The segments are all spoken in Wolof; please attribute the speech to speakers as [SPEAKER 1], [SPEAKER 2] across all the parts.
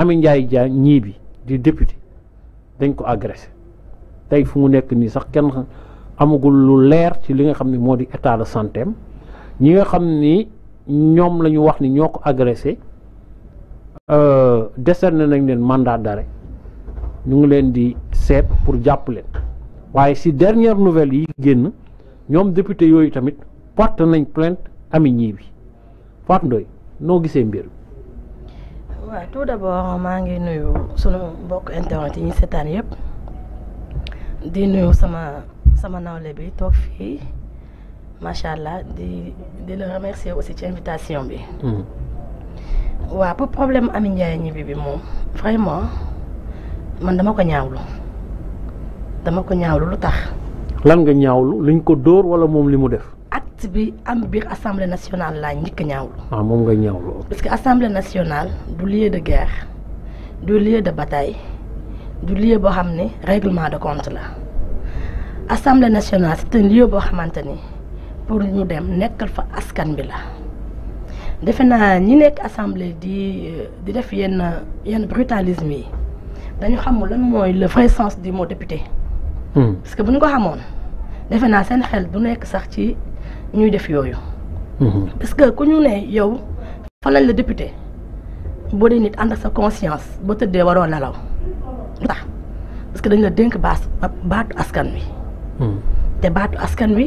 [SPEAKER 1] Ami Ndiaye Dia ñii bi di député dañ ko agressé tey fu mu nekk nii sax kenn amagul lu leer ci li nga xam ne moo di état de santé ñi nga xam ni ñoom la ñu wax ni ñoo ko agressé euh, décerné nañ leen mandat dare ñu ngi leen di seet pour jàpp leen waaye si dernière nouvelle yi génn ñoom député yooyu tamit porte nañ plainte Ami ñii bi Fatou noo gisee mbir
[SPEAKER 2] ouais tout d'abord maa ngi nuyu sunu mbokk internet yi ñu seetaan di nuyu sama sama nawle bi tok fi. Machallah di di le remercier aussi ci invitation bi. Hmm. waaw pour problème ami Ndiaye ñibbi bi mom, vraiment man dama ko ñaawlu dama ko ñaawlu lutax.
[SPEAKER 1] lan nga ñaawlu Luñ ko dóor wala moom li mu def
[SPEAKER 2] texte bi am biir assemblée nationale la njëkk a ñaawlu.
[SPEAKER 1] ah mom nga ñaawlu.
[SPEAKER 2] parce que assemblée nationale du lieu de guerre du lieu de bataille du lieu bo xamné règlement de compte la assemblée nationale c'est un lieu bo xamante pour ñu dem nekkal fa askan bi la. defe naa ñi nekk assemblée di euh, di def yenn yenn brutalisme yi dañu xam lan mooy le vrai sens du mot député. Hmm. parce que bu ñu ko xamoon defe naa seen xel du nekk sax ci. ñuy def
[SPEAKER 3] yooyu. Mhm.
[SPEAKER 2] parce que ku ñu ne yow falal la député boo dee nit ànd sa conscience boo tëddee waroo nelaw ndax parce que dañ la dénk baas baatu askan wi. Mhm. te baatu askan wi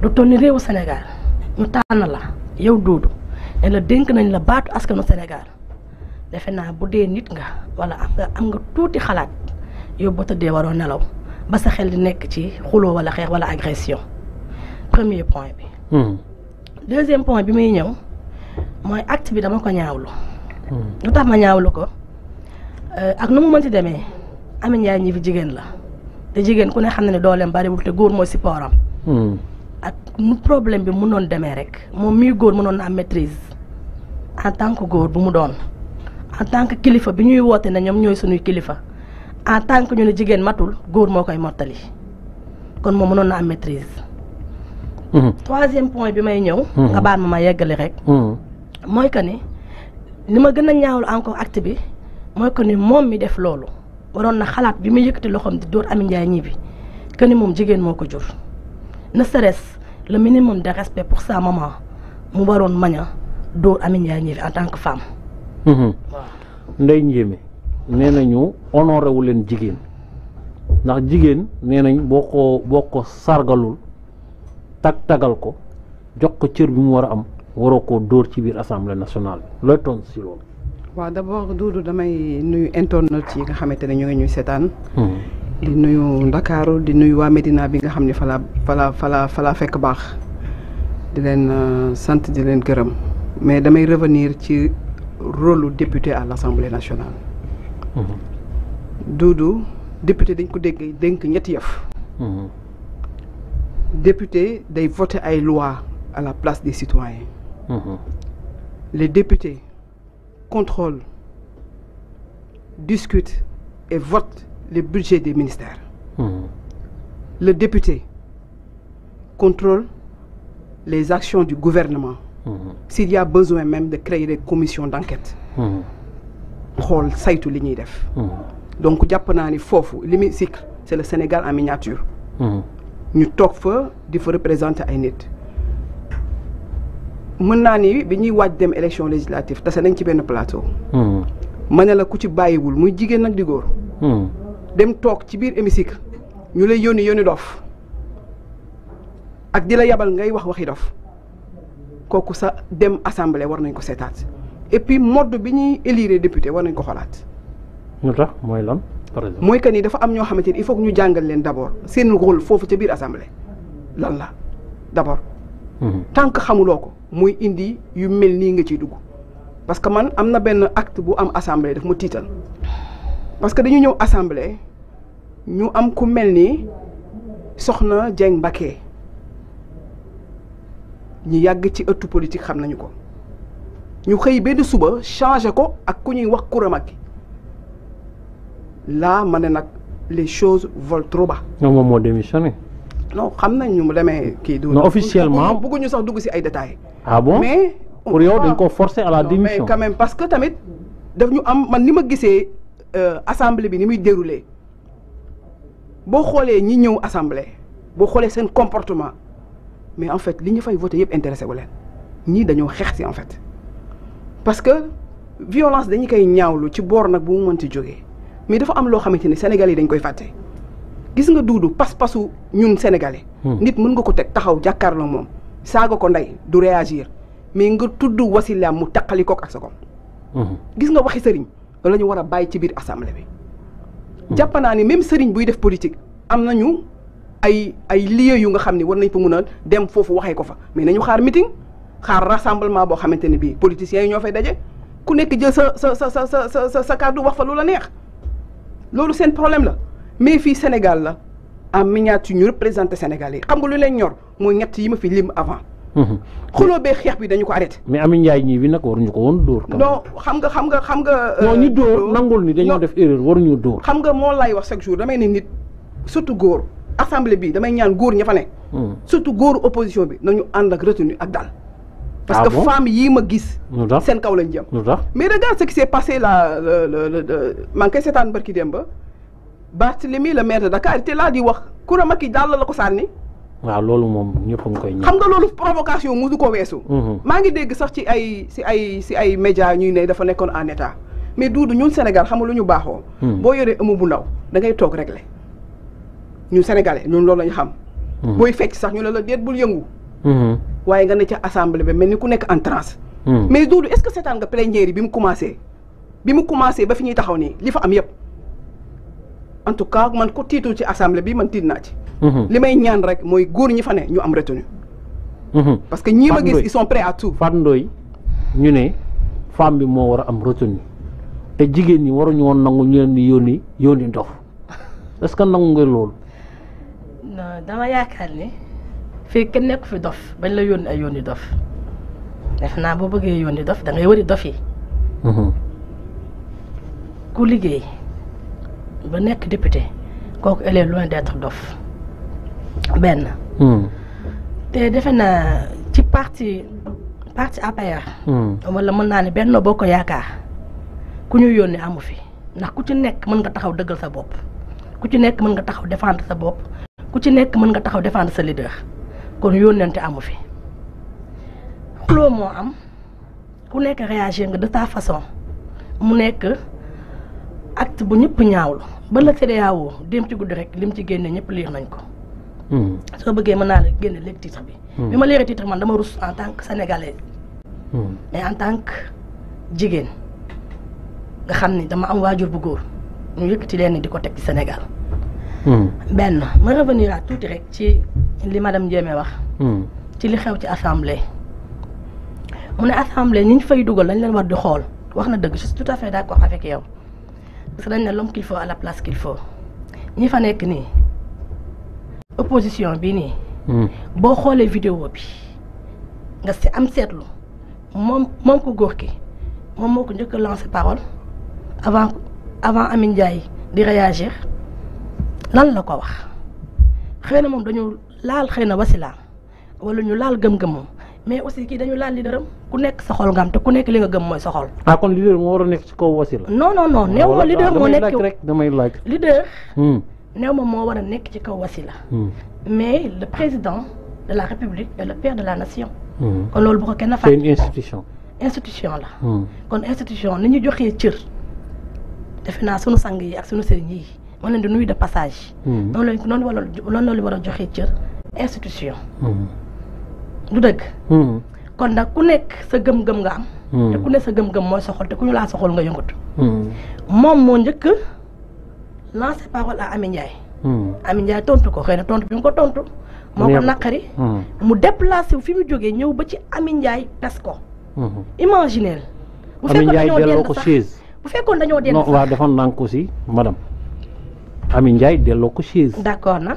[SPEAKER 2] du toll ni réewu Sénégal ñu tànn la yow Doudou la dénk nañ la baatu askanu Sénégal defe naa bu dee nit nga wala am am nga tuuti xalaat yow ba tëddee waroo nelaw ba sa xel di nekk ci xuloo wala xeex wala agression. premier point bi. Hmm. deuxième point bi muy ñëw mooy acte bi dama ko ñaawlu. Hmm. lu tax ma ñaawlu ko euh, ak nu mu mënti demee Amy Ndiaye ñi fi jigéen la te jigéen ku ne xam ne ne dooleem bariwul te góor mooy support hmm. ak nu problème bi mënoon demee rek moom mii góor mënoon na am maîtrise en tank góor bu mu doon en tant kilifa bi ñuy woote na ñoom ñooy suñuy kilifa en tant que ñu ne jigéen matul góor moo koy mottali kon moom mënoon na am maîtrise. Mhm. troisième point bi may ñëw. Mhm. nga baal ma ma yeggali rek. Mhm. mooy que ni li ma gën a ñaawul encore act bi mooy que ni moom mi def loolu waroon na xalaat bi mu yëkkati loxoom di dóor Amy Ndiaye ñibbi que ni moom jigéen moo ko jur. ne serait-ce le minimum de respect pour sa maman mu waroon mañ a dóor Amy Ndiaye ñibbi en tant que femme.
[SPEAKER 1] waaw Ndeye Ndiémé nee nañu honoré leen jigéen ndax jigéen nee nañ boo ko boo ko sargalul. tag tagal ko jox ko cër bi mu war a am waroo koo dóor ci biir assemblée nationale bi looy tontu si loolu.
[SPEAKER 4] waaw d' abord Doudou damay nuyu internautes yi nga xamante ne ñu ngi ñuy seetaan. Hmm. di nuyu Ndakaaru di nuyu waa Medina bi nga xam ne falaa falaa falaa falaa fekk baax di leen euh, sant di leen gërëm mais damay revenir ci rôle député à l' assemblée nationale. Hmm. Doudou député dañ ko dégg dénk ñetti yëf. Hmm. Députés, votent à la loi à la place des citoyens mhm. les députés contrôlent discutent et votent les budgets des ministères Les mhm. le député contrôle les actions du gouvernement mhm. s'il y a besoin même de créer des commissions d'enquête donc jàpp naa l'hémicycle c'est le Sénégal en miniature ñu toog fa di fa représenter ay nit mën naa ni bi ñuy waaj dem élection législative tase nañ ci benn plateau. Hmm. ma ne la ku ci bàyyiwul muy jigéen nag di góor. Hmm. dem toog ci biir hémicycle ñu lay yónni yónni dof ak di la yabal ngay wax waxi dof kooku sa dem assemblée war nañ ko seetaat et puis bi ñuy élire député war nañ ko xoolaat.
[SPEAKER 1] lu tax mooy lan.
[SPEAKER 4] mooy que ni dafa am ñoo xamante ni il faut que ñu jàngal leen d' seen rôle foofu ca biir assemblée lan la d' abord. Mhm. tant que xamuloo ko muy indi yu mel nii nga ciy dugg. parce que man am na benn acte bu am assemblée daf ma tiital parce que dañu ñëw assemblée ñu am ku mel ni soxna Dieng Mbacké ñu yàgg ci ëtt politique xam nañu ko ñu xëy benn suba changé ko ak ku ñuy wax Koura Macky là mané nak les choses volent trop bas.
[SPEAKER 1] non moom démissionné.
[SPEAKER 4] non xamna ñu démé ki kii non officiellement ñu sax dugg ci ay détails.
[SPEAKER 1] ah bon mais.
[SPEAKER 4] pour yow dañ ko forcer à la démission mais quand même parce que tamit daf ñu am man ni ma euh, assemblée bi ni muy déroulé bo xolé ñi ñëw assemblée bo xolé sen comportement mais en fait li ñu fay voter yépp intéressé wu leen ñii dañoo xeex en fait parce que violence dañu koy ñaawlu ci bor nak bu mu mënti jógee. mais dafa am loo xamante ni sénégalais dañ koy fàtte gis nga duudu pas-pasu ñun sénégalais. Hmm. nit mën nga ko teg taxaw jàkkaarloo moom saaga ko ndey du réagir mais nga tudd wasilaam mu taqali kook ak sa hmm. gis nga waxi sëriñ la ñu war a bàyyi ci biir assemblée bi. Hmm. jàpp naa ni même sëriñ buy def politique am nañu ay ay lieux yu nga xam ne war nañ fa mun a dem foofu waxee ko fa mais nañu xaar meeting xaar rassemblement boo xamante ni bii politiciens yi ñoo fay daje ku nekk jël sa sa sa sa sa sa kàddu wax fa lu la neex. C'est un problème la mais fi Sénégal la en miniature ñu Sénégalais. xam nga lu leen ñor moy ñett yi fi lim avant. Mhm. xex bi ko arrêté.
[SPEAKER 1] mais Amin Ndiaye ñi bi des ko won
[SPEAKER 4] non xam nga xam nga xam
[SPEAKER 1] nga. Euh, non ñu door nangul ni dañu def erreur waruñu door
[SPEAKER 4] xam nga mo lay wax chaque jour damay ne nit surtout góor assemblée bi damay ñaan mhm. surtout opposition bi nañu ak retenu ak parce ah que bon? yi yii ma gis. sen kaw lañ jëm. mais regarde ce qui s'est passé là le ngi koy seetaan barki Demba Barthélemy le maire de Dakar était là di wax Coura maki daal la ko sànni.
[SPEAKER 1] waaw loolu mom ñëpp a ngi koy. xam
[SPEAKER 4] nga loolu provocation musu ko wessu ma mhm. ngi dégg sax ci ay ci ay ci ay médias ñuy né dafa nekkoon en état mais duudu ñun Sénégal xam lu ñu baxo mhm. bo yoree amu bu ndaw da ngay tok régler ñun sénégalais ñun loolu lañ xam. Mhm. booy fecc sax ñu ne la déet bul yëngu. waaye nga ne ca assemblée ba mel ni ku nekk en transe. Hmm. mais Doudou est-ce que seetaan nga plénière yi bi mu commencé. bi mu commencé ba fi ñuy taxaw nii li fa am yëpp en tout cas man ko tiitul ci assemblée bi man tiit naa ci. Hmm. li may ñaan rek mooy góor ñi fa ne ñu am retenu
[SPEAKER 1] hmm. parce que ñii ma gis ils sont prêts à tout. Fatou Ndoye ñu ne femme bi moo war a am retenu te jigéen ñi waruñu woon nangu ñu leen di yónni yónni dof est-ce que nangu nga loolu.
[SPEAKER 2] non dama yaakaar ne.
[SPEAKER 1] fii kenn nekk fi dof bañ la yónni
[SPEAKER 2] ay yónni dof def naa boo bëggee yónni dof da ngay wëri dof yi. Mhm. ku liggéey ba nekk député kooku elle est loin d'être dof benn. Mhm. te defe naa ci parti parti APR. Mhm. wala mën naa ne benn boo ko yaakaar ku ñu yónni amu fi ndax ku ci nekk mën nga taxaw dëggal sa bopp ku ci nekk mën nga taxaw défendre sa bopp ku ci nekk mën nga taxaw défendre sa leader. kon yonenté amu fi xuloo mo am ku nek réagir nga de ta façon mu nek acte bu ñepp ñaawlu ba la CEDEAO dem ci guddi rek lim ci génné ñepp liir nañ ko. hmm so mën naa la génne léegi titre bi. Hmm. bima léré titre man dama russe en tant que sénégalais. Hmm. mais en tant que jigéen nga xam dama am wajur bu goor ñu yëkkati lén di ko teg ci Sénégal. hmm ben ma revenir à tuuti rek ci li madame Ndiémé wax. Hmm. ci li xew ci assemblée. mu ne assemblée niñ fay duggal lañ leen war di xol wax na dëgg tout à fait d'accord avec yow parce que dañ né l'homme qu'il faut à la place qu'il faut ñi fa nek ni opposition bi hmm les xolé vidéo bi nga ci am seetlu mom mom ko gorki mom moko ñëk lancer parole avant avant Amine Ndiaye di réagir lan la ko
[SPEAKER 1] wax xëy
[SPEAKER 2] mom dañu laal xëy na wasilaam wala ñu laal gëm-gëmam mais aussi kii dañu laal leaderam ku nekk sa xol nga am te ku nekk li nga gëm mooy sa xol.
[SPEAKER 1] ah kon leader moo war a nekk ci kaw wasila. non non non ah, néew ma leader ah, moo nekk rek damay laaj. leader. Hmm.
[SPEAKER 2] néew ma moo war a nekk ci kaw wasila. Hmm. mais le président de la république est le père de la nation.
[SPEAKER 3] Hmm. kon loolu bu ko kenn fàtte. c'est une institution.
[SPEAKER 2] institution la. kon institution ni ñu joxee cër. defe naa sunu sang yi ak sunu sëriñ yi. moo leen di nuyu de passage. noonu lañ noonu la war a joxee cër. institution.
[SPEAKER 3] du hmm. dëgg. Hmm.
[SPEAKER 2] kon nag ku nekk sa gëm-gëm nga am. Hmm. te ku nekk sa gëm-gëm mooy soxal te ku ñu laa soxal nga yëngatu. moom moo njëkk lancé parole à Ami Ndiaye. Ami Ndiaye tontu ko xëy na tontu bi mu ko tontu. moo ko naqari. mu déplacé wu fi mu jógee ñëw ba ci Ami Ndiaye pes ko. imagineel. bu fekkoon dañoo delloo ko bu fekkoon dañoo delloo sax non waaw
[SPEAKER 1] dafa nànk aussi madame Ami Ndiaye delloo ko chaise.
[SPEAKER 2] d'accord na.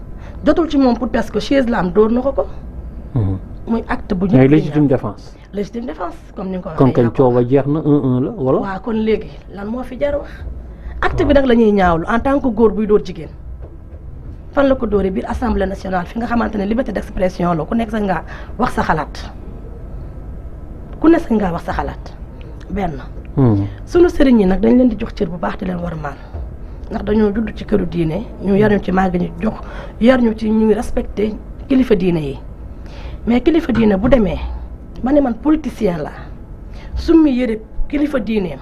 [SPEAKER 2] jotul ci moom pour parce que chaise la am dóor na ko ko. Mhm. muy acte bu ñu. mais légitime défense. légitime défense comme ni ko waxee. kon kañ
[SPEAKER 1] a jeex na un un la wala. waaw
[SPEAKER 2] kon léegi lan moo fi jar wax. acte bi nag lañuy ñuy ñaawlu en tant que góor buy dóor jigéen. fan la ko dóoree biir assemblée nationale fi nga xamante ne liberté d'expression la ku nekk sa ngaa wax sa xalaat ku nekk sañ ngaa wax sa xalaat benn. Mhm. sunu sëriñ yi nag dañ leen di jox cër bu baax di leen war a maan ndax dañoo judd ci këru diine ñu yar ñu ci màgg ñu jox yar ñu ci ñuy respecté kilifa diine yi mais kilifa diine bu demee ma ne man politicien la summi yére kilifa diineem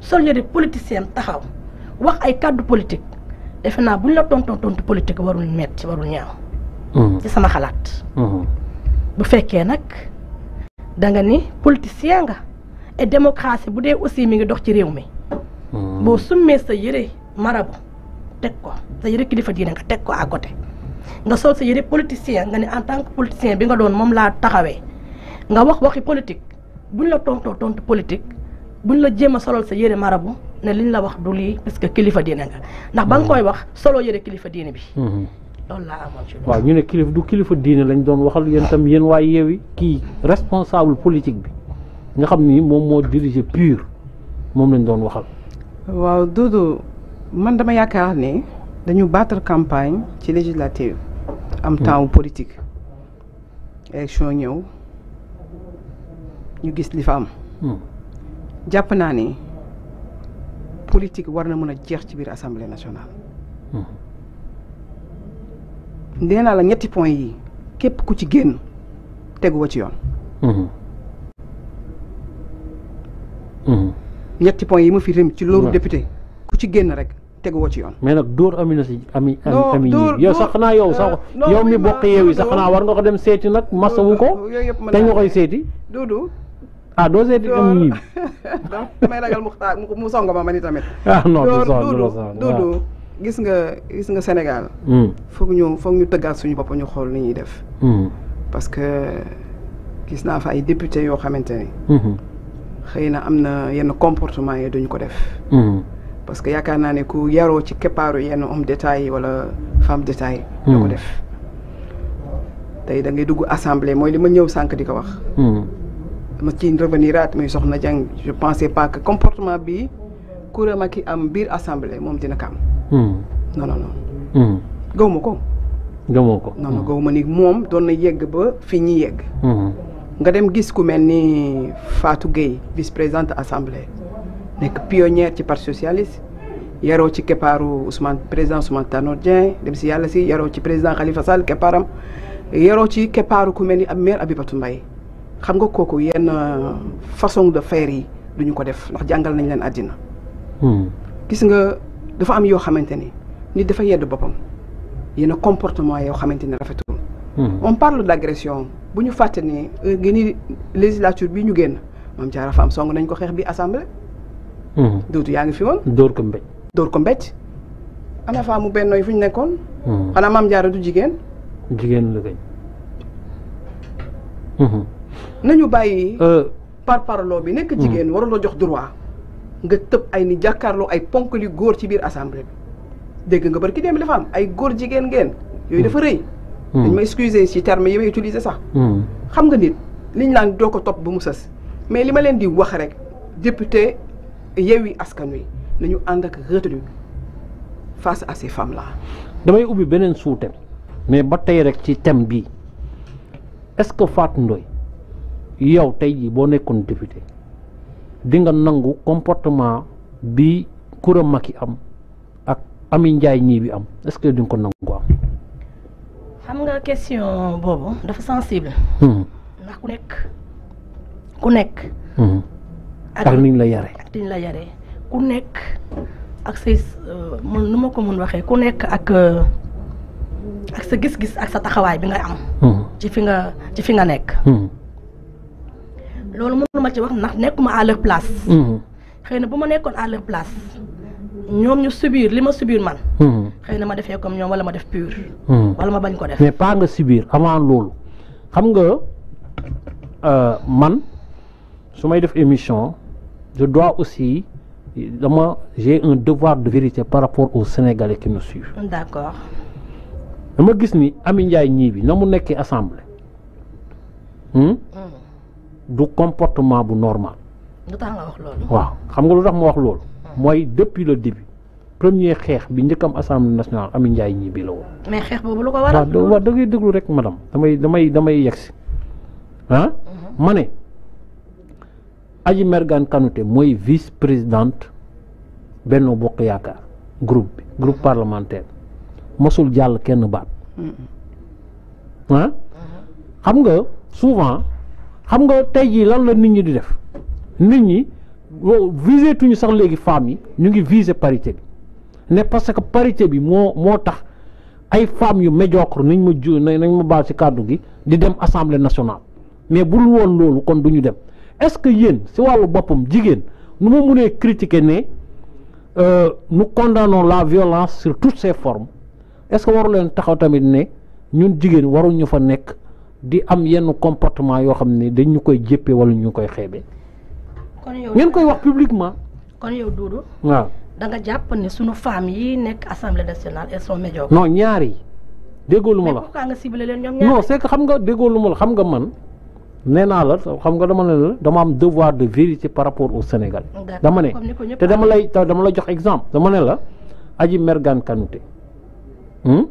[SPEAKER 2] sol yére politicien taxaw wax ay kàddu politique defe naa buñ la tonton tontu politique warul metti warul ñaaw. ci sama xalaat. bu fekkee nag da nga ni politicien nga et démocratie bu dee aussi mi ngi dox ci réew mi. boo summee sa yëre. marabu teg ko sa yëre kilifa diine nga teg ko à côté nga sol sa yëre politicien nga ne en tant que politicien bi nga doon moom laa taxawee nga wax waxi politique ñu la tontoo tontu politique buñ la jéem a solal sa yëre marabu ne li liñ la wax du lii parce que kilifa diine nga ndax ba nga hmm. koy wax solo yëre kilifa diine bi.
[SPEAKER 1] Hmm.
[SPEAKER 3] loolu laa amoon waaw ñu
[SPEAKER 1] ne kilifa du kilifa diine lañ doon waxal yéen tam yéen waa yeewi kii responsable politique bi nga xam ni moom moo diriger pur moom lañ doon waxal.
[SPEAKER 4] man dama yaakaar ne dañu battre campagne ci législative am hmm. temps politique élection ñëw ñu gis li fa am hmm. jàpp naa ne politique war na mën a jeex ci biir assemblée nationale hmm. nee naa la ñetti point yi képp ku ci génn teguwa ci yoon ñetti point yi ma
[SPEAKER 1] fi rim ci loolu député
[SPEAKER 4] ku ci génn rek teguwoo ci yoon.
[SPEAKER 1] mais nag dóor amina si ami ami yi yow sax naa yow euh, sax yow mi bokk yeew yi sax naa war nga ko dem seeti nag masawu ko
[SPEAKER 4] te nga koy seeti.
[SPEAKER 1] Ah, doo seeti am yi.
[SPEAKER 4] donc mu xaar mu ma man tamit. ah non du du gis nga gis nga Sénégal. Hmm. foog ñu foog ñu tëggaat suñu bopp ñu xool ni ñuy def. Hmm. parce que gis naa fa ay député yoo xamante ni. Hmm. xëy na am na yenn comportement yi duñ ko def. parce que yaakaar naa ne ku yaroo ci keppaaru yenn homme d'État yi wala femme d'État yi doo ko hmm. def tey da ngay dugg assemblée mooy li ma ñëw sànq di ko wax hmm. ma ci revenir aat muy soxna jàng je pensais pas que comportement bi Coura Macky am biir assemblée moom dina ko am hmm. non
[SPEAKER 1] non ma ko gëmoo ko
[SPEAKER 4] non moom doon na yegg ba fi ñi yegg nga dem gis ku mel ni Fatou Gueye vice-présidente assemblée nekk pionnière ci parti socialiste yaroo ci keppaaru Ousmane président Ousmane Tanor Dieng dem si yàlla si yaroo ci président Khalifa Sall keppaaram yaroo ci keppaaru ku mel ni ab maire Abibatou mbay xam nga kooku yenn euh, façon de faire yi duñu ko def ndax jàngal nañ leen àddina hmm. gis nga dafa am yoo xamante ni nit dafa yedd boppam yenn comportement yoo xamante ni rafetul hmm. on parle d'agression bu ñu fàtte ni euh, gëni législature bi ñu génn moom Diarra Fam nañ ko xeex bi assemblée Mhm. duutu yaa ngi fi woon. dóor ko mbéj. dóor ko mbéj. ana faa mu bennooy fu ñu nekkoon. xanaa mhm. maam jaara du jigéen.
[SPEAKER 1] jigéen la kañ. Mhm.
[SPEAKER 4] nañu bàyyi. Euh. par parloo bi nekk jigéen waraloo jox droit. nga tëb ay ni jàkkaarloo ay ponk li góor ci biir assemblée bi dégg nga bari ki dem dafa am ay góor jigéen ngeen. yooyu dafa rëy. dañ ma excuser ci terme yi may utiliser sax. xam nga nit liñ naan doo ko topp ba mu sës mais li ma leen di wax rek député. Yewwi Askan Wi nañu ànd ak retenu face à ces femmes là.
[SPEAKER 1] damay ubbi beneen sous mais ba tey rek ci thème bii est-ce que Fatou Ndoye yow tey jii boo nekkoon député dinga nangu comportement bi Coura Macky am ak Amy Ndiaye ñii bi am est-ce que di ko nangu am.
[SPEAKER 2] xam nga question boobu dafa sensible. Hmm. ndax ku nekk ku nekk. Hmm.
[SPEAKER 1] ak niñ la yaré
[SPEAKER 2] ak niñ la yaré ku nek ak say euh, mën numa ko mën waxé ku nek ak euh, ak sa gis-gis ak sa taxaway bi nga am hmm. ci fi nga ci fi nga nekk hmm. loolu mënuma ci wax nak nekuma à leur place hmm. xeyna buma nekkon à leur place ñom ñu subir lima subir man xeyna ma defé comme ñom wala ma def pur
[SPEAKER 3] wala ma bañ ko def
[SPEAKER 1] mais pa nga subir avant lolu xam nga euh, man sumay def émission je dois aussi j'ai un devoir de vérité par rapport aux Sénégalais qui nous suivent. D'accord. Je gis ni Amin Ndiaye ñii bi sommes mu hmm? Hmm. du comportement bu normal. lu hmm. depuis le début. premier xeex bi comme assemblée nationale Amy Ndiaye la woon.
[SPEAKER 2] mais xeex je lu ko waral. waaw
[SPEAKER 1] da ngay madame damay damay damay Aji Mergane Kanouté mooy vice présidente Benno Bokk Yaakaar groupe bi groupe parlementaire mosul jàll kenn baat mm-hmm. Ah? Mm-hmm. xam nga souvent xam nga tey jii lan la nit ñi di def nit ñi visé ñu sax léegi femmes yi ñu ngi visé parité bi ne parce que parité bi moo moo tax ay femmes yu médiocre nañ ma ju nañ ma baal ci kàddu gi di dem assemblée nationale mais bul woon loolu kon du ñu dem est-ce que nous, si walu critiquer euh, nous condamnons la violence sur toutes ses formes est-ce que waru len taxaw tamit ñun nous, fa nous di am yenn comportement yo xamné dañ ñukoy jéppé wala publiquement. kon yow da
[SPEAKER 2] nga japp assemblée nationale elles sont médiocres. non ñaari non c'est
[SPEAKER 1] que xam nga man. nee naa la xam nga dama ne la dama am devoir de vérité par rapport au Sénégal. dama ne te dama lay dama la jox exemple dama ne la Adji Mergane Kanouté hmm,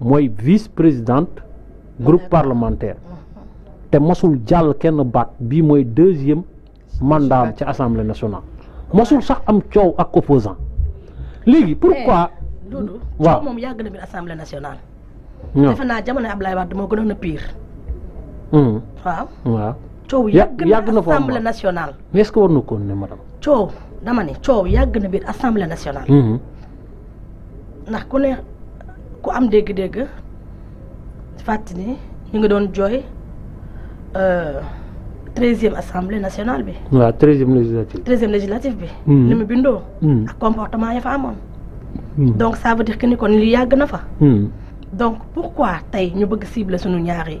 [SPEAKER 1] mooy vice présidente groupe parlementaire te mosul jàll kenn baat bii mooy deuxième mandat am ci assemblée nationale mosul sax am coow ak opposant léegi eh, pourquoi. waaw
[SPEAKER 2] loolu moom yàgg na biir assemblée nationale. defe a jamono Ablaye Wade moo gënoon a pire.
[SPEAKER 1] Oui, hmm. Waaw. Choow yag na fo nationale. Mais est-ce que warno kone ma do?
[SPEAKER 2] Choow dama né choow yag na Assemblée nationale. Hmm. Na ko né ku am dégg 13e euh, Assemblée nationale be.
[SPEAKER 1] Wa 13e législative.
[SPEAKER 2] 13e législative be. le Comportement yafa amone. Hmm. Donc ça veut dire que ni kone li yag na hmm. Donc pourquoi tay ñu bëgg cible suñu ñaari?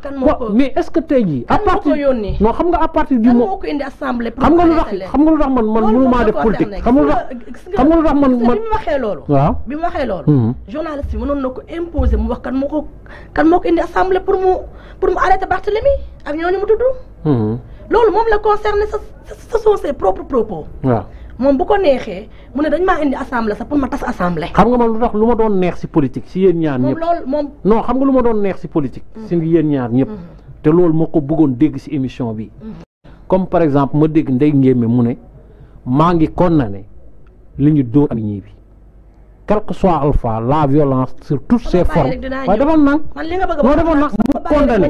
[SPEAKER 2] kan moo ko
[SPEAKER 1] mais est-ce que tey jii. à partir non xam nga à partir du moment. kan indi assemblée. xam nga lu tax xam nga lu tax man man mënumaa def politique. xam nga lu tax xam nga lu tax man man bi
[SPEAKER 2] mu waxee loolu. waaw bi mu waxee loolu. Mhm. journaliste bi mënoon na ko imposer mu wax kan moo ko kan moo ko indi assemblée pour mu pour mu arrêter Barthélemy ak ñooñu mu tudd. Mhm. loolu moom la concerné ce sont ses propres propos. waaw moom bu ko neexee mu ne dañ maa indi assemblée sax pour ma tas assemblée.
[SPEAKER 1] xam nga man lu tax lu ma doon neex si politique si yéen ñaar ñëpp loolu moom. non xam nga lu ma doon neex si politique. si mm. yéen ñaar ñëpp. Mm-hmm. te loolu ma ko bëggoon dégg si émission bi. Mm-hmm. comme par exemple ma dégg Ndeye Ngémé mu ne maa ngi kon na ne li ñu dóor ak ñii bi. quel que soit alpha la violence sur toutes ses formes waaye defoon nag
[SPEAKER 2] man li nga bëgg condamné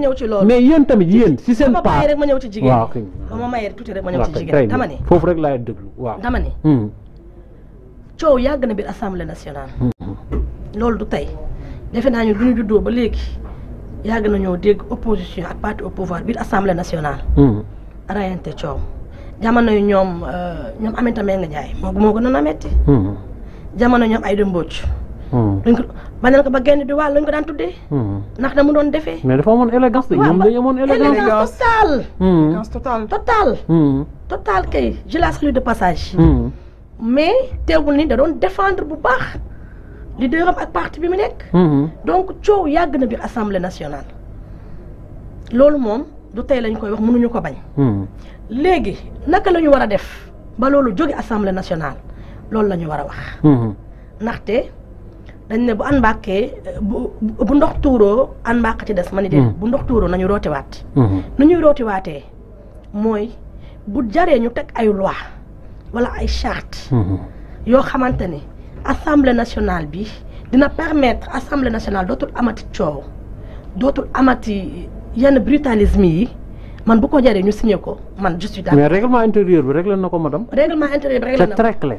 [SPEAKER 1] mais yeen tamit yeen si seen part rek ma ñëw ci jigéen waaw
[SPEAKER 2] ma may rek tuuti rek ma ñëw ci jigéen dama ne
[SPEAKER 1] foofu rek lay déglu waaw dama ne hmm.
[SPEAKER 2] coow yàgg na bir assemblée nationale hmm. loolu du tay defe nañu duñu lu ñu juddoo ba léegi yàgg nañoo dégg opposition ak parti au pouvoir bir assemblée nationale hmm. rayante coow jamono ñom ñom euh, ñoom Aminata nga jaay mo moo na a metti jamono ñom ay dem mbóoj hmm ko ko ba genn di wàll luñ ko tuddé hmm Nak na mu doon défé
[SPEAKER 1] mais dafa amone élégance de ñoom dañu amoon élégance totale total total hmm.
[SPEAKER 2] totale kay je la salue de passage mais hmm. téwul ni da doon défendre bu baax leaderam ak parti bi mu hmm donc ciow yag na bi assemblée nationale lool mom du tay lañ koy wax mënuñu ko bañ hmm. légui naka lañu wara def ba lolu jóge assemblée nationale loolu la war a wax. Mm-hmm. ndaxte dañ ne bu an mbàkkee bu bu ndox tuuroo an mbàkk ci des ma ni de mm-hmm. bu ndox tuuroo nañu waat mm-hmm. nu ñuy rootiwaatee mooy bu jaree ñu teg ay loi wala ay charte yoo xamante ni assemblée nationale bi dina permettre assemblée nationale dootul amati coow dootul amati yenn brutalisme yi. man bu ko jaree ñu signé ko man je suis mais
[SPEAKER 1] règlement intérieur bi réglé na ko madame.
[SPEAKER 2] règlement intérieur bi réglé na ko c'est très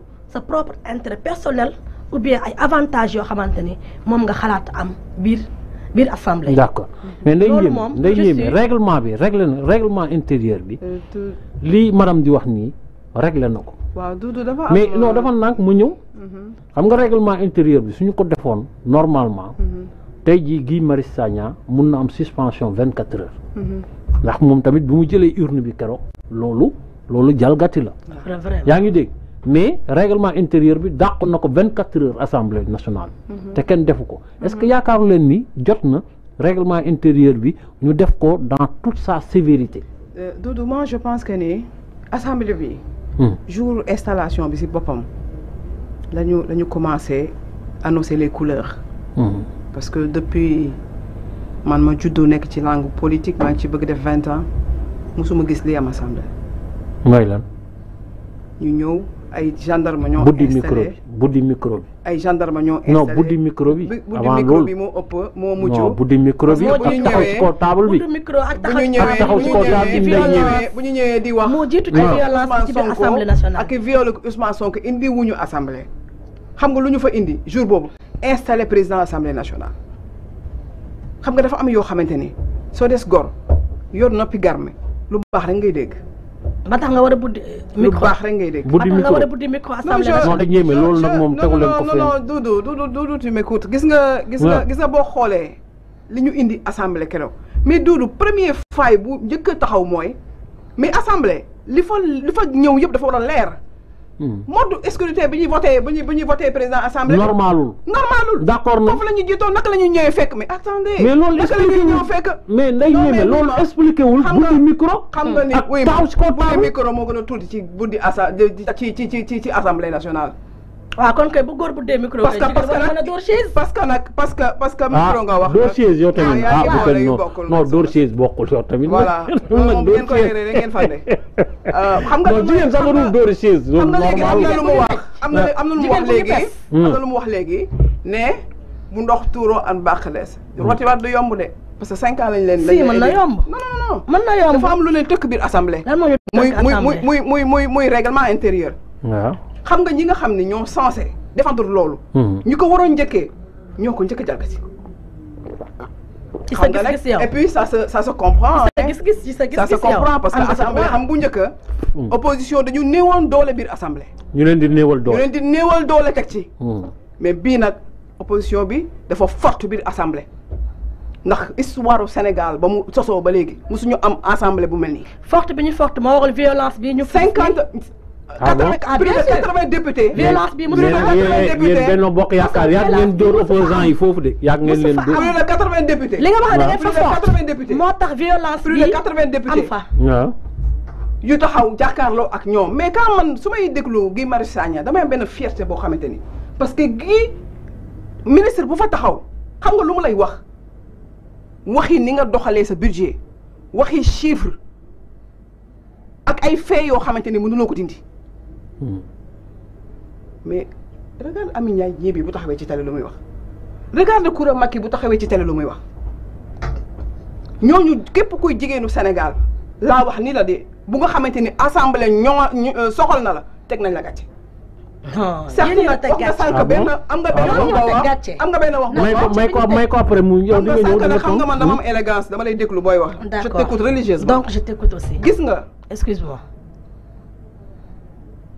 [SPEAKER 2] sa propre intérêt personnel ou bien ay avantages yo xamante mom nga xalat am bir bir assemblée. d'accord
[SPEAKER 1] mais nday yéeme nday yéeme règlement bi règle na règlement intérieur bi. Euh, li madame di wax ni règle nako
[SPEAKER 4] waaw Doudou dafa mais non dafa
[SPEAKER 1] nag mu ñëw. Mhm. xam nga règlement intérieur bi suñu ko defone normalement. Mhm. tay ji Guy Marius Sagna mën na am suspension vingt quatre heures. Mhm. ndax mom tamit bu mu jëlee urne bi kéro lolu lolu jalgati la. yaa ngi dégg mais règlement intérieur bi dàq na ko heures assemblée nationale mhm. te ken defuko est-ce mhm. que yaakaaru len ni jotna règlement intérieur bi ñu def ko dans toute sa sévérité
[SPEAKER 4] euh, Doudou moi je pense que ni assemblée bi hmm. jour installation bi ci bopam lañu lañu commencé annoncer les couleurs hmm. parce que depuis man ma juddoo nek ci langue politique ma ci bëgg def 20 ans musuma gis li am assemblée mooy lan ñu ñëw ay gendarme ñoo buddi micro bi
[SPEAKER 1] buddi micro bi.
[SPEAKER 4] ay gendarme ñoo installé non
[SPEAKER 1] micro bi. avant bi moo ëpp moo mujj. non buddi micro bi ak taxaw
[SPEAKER 4] bu ñu ñëwee di wax. moo jiitu ay violence ci biir assemblée nationale ak viol Ousmane xam nga lu ñu fa indi jour boobu installé président assemblée nationale. xam nga dafa am yoo xamante ni soo des gor yor noppi garme lu baax rek ngay dégg. ba tax nga war a buddi eh, micro rek ngay dégg. buddi micro ba tax nga war a buddi micro assemblée nationale. non dañu moom tegu leen ko fii non non Doudou gis nga. gis nga gis nga boo xoolee li ñu indi assemblée keroog mais Doudou premier faay bu njëkk a taxaw mooy mais assemblée li fa li fa ñëw yëpp dafa war a leer. Hmm. mode sécurité bi ñuy voté bi ñuy bi ñuy voté président assemblée. normalul normalul. d' accord foofu la ñu jiitoon naka la ñuy ñëwee fekk mais attendez. mais loolu expliqué wul
[SPEAKER 1] mais nday ñeme loolu expliqué wul. micro xam nga ni oui
[SPEAKER 4] micro moo gën a tuuti ci buddi asa ci ci ci ci nationale. waaw kon kay bu góor bu dee micro. parce que parce que nag parce que nag parce que parce que micro ah, nga wax. ah door chaise yow ah, tamit ah bu fekkee
[SPEAKER 1] non door chaise bokkul yow tamit. voilà moom ngeen koy réeré ngeen fànne. Euh, xam nga jigéen sax warul door chaise. loolu normal am na lu mu wax am na am hmm. lu mu wax léegi.
[SPEAKER 4] am mu ne bu ndox tuuroo an baax lees. Hmm. rootiwaat du yomb de. parce que cinq ans lañ leen. si mën na yomb non non non. mën na yomb dafa am lu leen tëkk biir assemblée. lan moo ñu tëkk assemblée muy muy muy muy muy règlement intérieur. waaw. xam nga ñi nga xam ne ñoo défendre loolu. Hmm. ñu ko waroon njëkkee ñoo ko njëkk a jalgati. ci sa gis et puis ça se ça se comprend. sa hein. sa ça se comprend parce que assemblée xam bu njëkk hmm. opposition dañu néewoon doole biir assemblée.
[SPEAKER 1] ñu leen di néewal doole ñu leen
[SPEAKER 4] di néewal doole teg ci. Hmm. mais bii nag opposition bi dafa forte biir assemblée. ndax histoire Sénégal ba mu sosoo ba léegi mosuñu am assemblée bu mel nii. forte bi ñu forte moo waral violence bi ñu. 50 Ah, ah, quatre-vingts députés violence bi mu ne yéen Benno Bokk Yaakaar yàgg ngeen dóor opposant yi
[SPEAKER 1] foofu de yàgg ngeen leen dóor plus
[SPEAKER 4] de quatre-vingts députés li nga wax da ngeen fa fort moo tax violence bi plus de quatre am fa yu taxaw jàkkaarloo ak ñoom mais quand man su may déglu Guy Marius Sagna damay am benn fierté boo xamante ni parce que Guy ministre bu fa taxaw xam nga lu mu lay wax waxi ni nga doxalee sa budget waxi chiffre ak ay faits yoo xamante ni mënuloo ko dindi Hmm. mais regarde Amy Ndiaye Gniby bu taxawee ci télé lu muy wax regarde Coura Macky bu taxawee ci tele lu muy wax ñu képp kuy jigeenu senegal laa wax ni la de bu nga xamante ni assemblée ñoo euh, soxal na la teg na la gàcce. yéen a teg gàcce sax benn am nga benn ah wax am nga benn wax.
[SPEAKER 1] may ko may ko may ko après mu yow di dama xam nga
[SPEAKER 2] man dama am
[SPEAKER 4] wax. d'accord je t'écoute religieusement donc gis nga excuse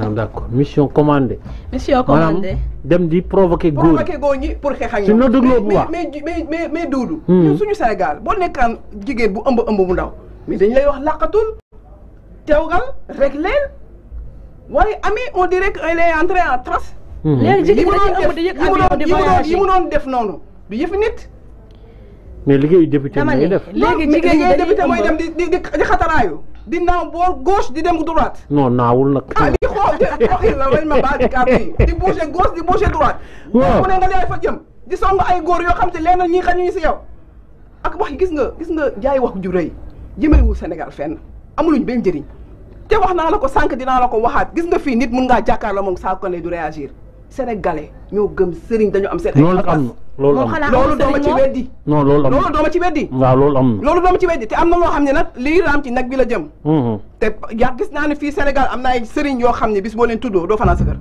[SPEAKER 1] Ah, d'accord. mission commandée. mission commandée dem di provoquer
[SPEAKER 4] mais mais mais Doudou. Hmm. suñu Sénégal jigéen bu ëmb ëmb bu ndaw mais dañ lay wax on dirait que est entrée en trace. Hmm. def nit.
[SPEAKER 1] mais député def. léegi jigéen dem
[SPEAKER 4] di di naaw boor gauche di dem ah, di xool de doxin la may ma baal di kàddu yi di boucher gauche di boucher droite. waaw ku ne nga yaay fa jëm. di song ay góor yoo xam te lenn ñii xañuñu si yow. ak wax gis nga gis nga jaay wax ju rëy jëmewul Sénégal fenn amuluñ benn njëriñ te wax naa la ko sànq dinaa la ko waxaat gis nga fii nit mun ngaa jàkkaarloo moom saa ko ne du réagir sénégalais ñoo gëm sëriñ dañu am set ay
[SPEAKER 1] loolu am loolu dooma ci weddi non loolu am loolu dooma ci weddi loolu am
[SPEAKER 4] loolu te am na loo xam ne nag lii raam ci nag bi la jëm mm-hmm. te yaa gis naa ne fii senegal am na seriñ yoo xam ne bis boo leen tuddoo doo fanaan sa kër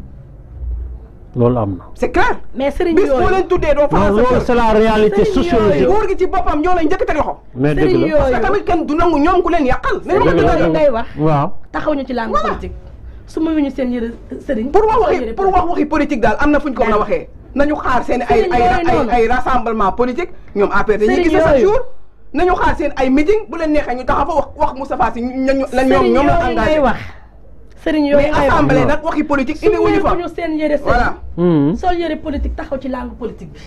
[SPEAKER 4] loolu am na c'est clair mais sëriñ yooyu bis boo leen tuddee doo fanaan sa kër loolu c'est la réalité sociologique gi ci boppam yoo lay njëkk teg loxo
[SPEAKER 3] mais dëgg la
[SPEAKER 4] kenn du nangu ñoom ku leen yàqal
[SPEAKER 1] la ngay
[SPEAKER 3] wax waaw
[SPEAKER 4] ñu ci langue politique su ma ñu seen yëre sëriñ pour wax waxi pour wax waxi politique daal am na fu ñu ko mën waxee nañu xaar seen ay ay ay rassemblement politique ñoom APR dañuy gis chaque jour nañu xaar seen ay meeting bu leen neexee ñu taxaw fa wax wax Moustapha Sy ñoom ñoom
[SPEAKER 3] la engagé
[SPEAKER 2] wax
[SPEAKER 4] sëriñ
[SPEAKER 3] yooyu mais assemblée nag
[SPEAKER 4] waxi politique indi wuñu fa ñu seen yëre sëriñ
[SPEAKER 1] hmm. sol
[SPEAKER 2] yëre taxaw ci langue politique bi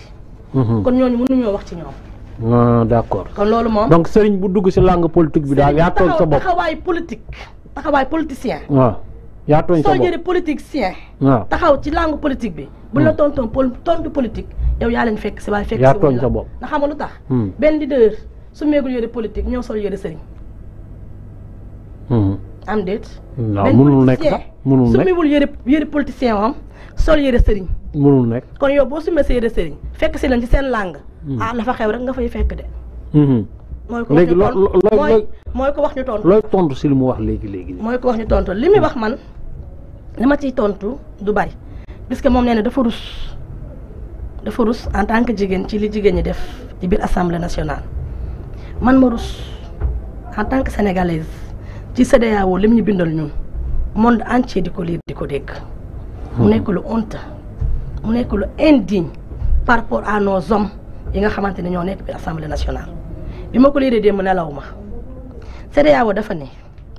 [SPEAKER 2] hmm. kon ñooñu mënuñoo wax ci
[SPEAKER 1] ñoom d'accord kon
[SPEAKER 2] loolu moom donc
[SPEAKER 1] seriñ bu dugg si langue politique bi daal yaa toog sa bopp
[SPEAKER 2] taxawaay politique taxawaay politicien
[SPEAKER 1] waaw yaa tooñ soo jëlee
[SPEAKER 2] politicien. waaw taxaw ci langue politique bi. bu la hmm. tontoon pol tontu politique yow yaa leen fekk si waaye fekk si. yaa tooñ sa bopp ndax xam lu tax. Hmm. benn su meegul yëre politique ñoo sol yëre sëriñ. Hmm. am déet. waaw mënul nekk sax mënul am sol yëre sëriñ. mënul nekk kon yow boo sumee sa yëre sëriñ fekk si leen ci seen langue. ah la fa xew rek nga fay fekk de. mooy ko léegi loo looy mooy ko wax ñu tontu. looy
[SPEAKER 1] tontu si li mu wax léegi léegi.
[SPEAKER 2] mooy ko wax ñu tontu li muy wax man. li ma ciy tontu du bari puisque moom nee na dafa rus dafa rus en tant que jigéen ci li jigéen ñi def ci biir assemblée nationale man ma rus en tant que sénégalaise ci CEDEAO lim ñu bindal ñun monde entier di ko lire di ko dégg. mu hmm. nekk lu honte mu nekk lu indigne par rapport à nos hommes yi nga xamante ne ñoo nekk biir assemblée nationale bi ma ko liiree démb nelaw ma CEDEAO dafa ne.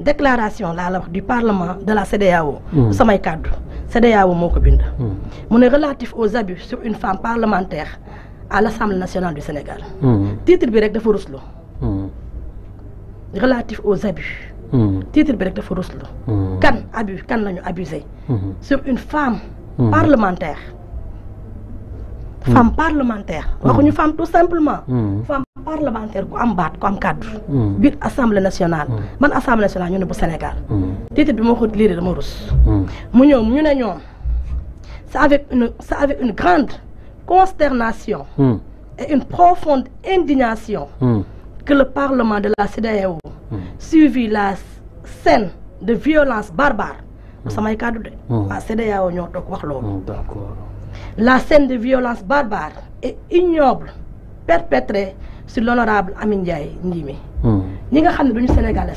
[SPEAKER 2] déclaration du parlement de la CDAO, hmm. samay kàddu CDAO moo hmm. relatif aux abus sur une femme parlementaire à l'Assemblée nationale du Sénégal hmm. titre bi de dafa relatif aux abus titre bi de dafa ruslu kan abus kan lañu abusé sur une femme parlementaire Mmh. femme parlementaire mmh. waxuñu femme tout simplement mmh. femme parlementaire qui am baat cadre, am assemblée nationale man assemblée nationale ñu ne bu Sénégal titre bi moo ko liiree dama rus mu ñoom ñu c'est avec une c'est avec une grande consternation et une profonde indignation que le parlement de la CEDEAO suivi la scène de violence barbare ça m'a de La CEDEAO ñoo toog wax loolu d'accord la scène de violence barbare et ignoble perpétrée sur l'honorable Amin Ndiaye Ndimé Nous, hmm. nga sénégalais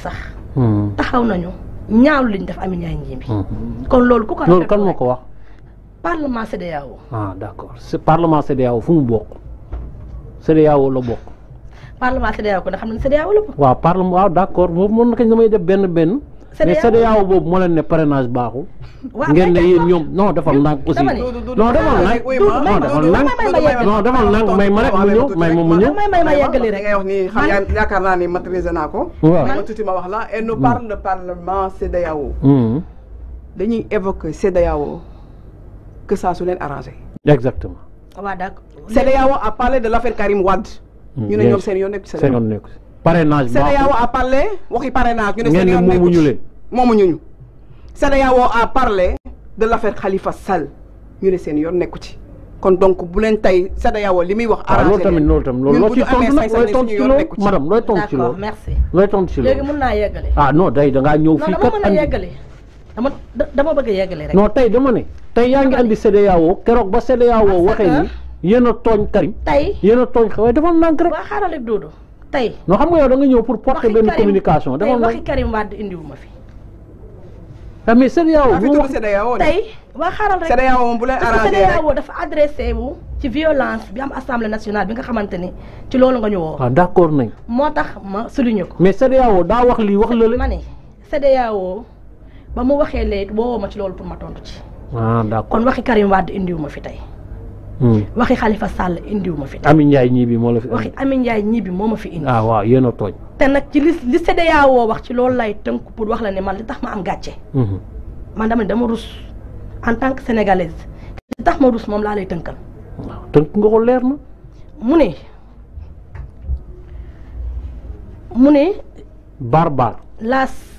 [SPEAKER 2] nous hmm. taxaw nañu Amin Ndiaye hmm. kon qui ku ko parlement
[SPEAKER 1] ah d'accord parlement fu mu ça.
[SPEAKER 2] parlement CDAO, ko nga a de
[SPEAKER 1] ça. parlement d'accord Vous, me que def bien, bien. mais CEDEAO boobu moo leen ne parrainage baaxul. ngeen ne yéen ñoom non defal ndànk aussi non defal ndànk non defal ndànk non may ma rek mu ñëw may ma mu ñëw may may ma yeggali
[SPEAKER 4] wax yaakaar naa ni maîtriser naa ko ma tuuti ma wax la et nous hmm. parle de parlement CEDEAO hmm. dañuy évoquer CEDEAO que ça su leen arrangé exactement waaw ah, d'accord CEDEAO a parlé de l'affaire Karim Wade hmm. ñu ne ñoom seen yoon nekk seen yoon
[SPEAKER 1] nekk parrainage CEDEAO
[SPEAKER 4] a parlé waxi parrainage ñu ne CEDEAO moomuñu leen moomuñu ñu CEDEAO a parlé de l'affaire Khalifa Sall ñu ne sen yor nekku ci kon donc bu len tay CEDEAO li limi wax ah, arrangé loolu tamit loolu tamit loolu loo ci tontu nag
[SPEAKER 1] looy tontu ci loolu madame looy tontu ci loolu merci looy tontu ci loolu légui mën naa yeggale ah non day da nga ñëw fi kat andi yeggale
[SPEAKER 2] dama dama bëgg yégalé rek non
[SPEAKER 1] tay dama né tay ya nga andi CEDEAO kérok ba CEDEAO waxé ni yéen togn Karim tay yéen togn tooñ waaye dafa nànk rek wa xaaral Dodo Tay, non xam nga yow da nga ñëw pour porter benn communication dama waxi
[SPEAKER 2] Karim Wade indiwu ma fi
[SPEAKER 1] ah, mais seen yow tey
[SPEAKER 2] waa xaaral rek CEDEAO moom bu leen arrangé CEDEAO dafa adressé wu ci violence bi am assemblée nationale bi nga xamante ni ci loolu nga ñu woo
[SPEAKER 1] ah d' accord nañ
[SPEAKER 2] moo tax ma souligné
[SPEAKER 1] ko mais CEDEAO daa wax lii wax lële ma
[SPEAKER 2] ba mu ci loolu pour ma tontu ci
[SPEAKER 1] ah d' kon
[SPEAKER 2] waxi Karim ma fi Hmm. waxi xalifa Sall indiwuma fi.
[SPEAKER 1] Amin Ndiaye ñii bi moo la fi waxi
[SPEAKER 2] Amin Ndiaye ñii bi moo ma fi indi. Ah,
[SPEAKER 1] waaw yéen tooñ.
[SPEAKER 2] te nag ci li li CEDEAO woo wax ci loolu lay tënk pour wax la ne man li tax ma am gàcce. Hmm. man dama dama rus en tant que sénégalaise li tax ma rus moom laa lay tënkal.
[SPEAKER 1] waaw tënk nga ko leer na.
[SPEAKER 2] mu ne mu ne. barbar. laas.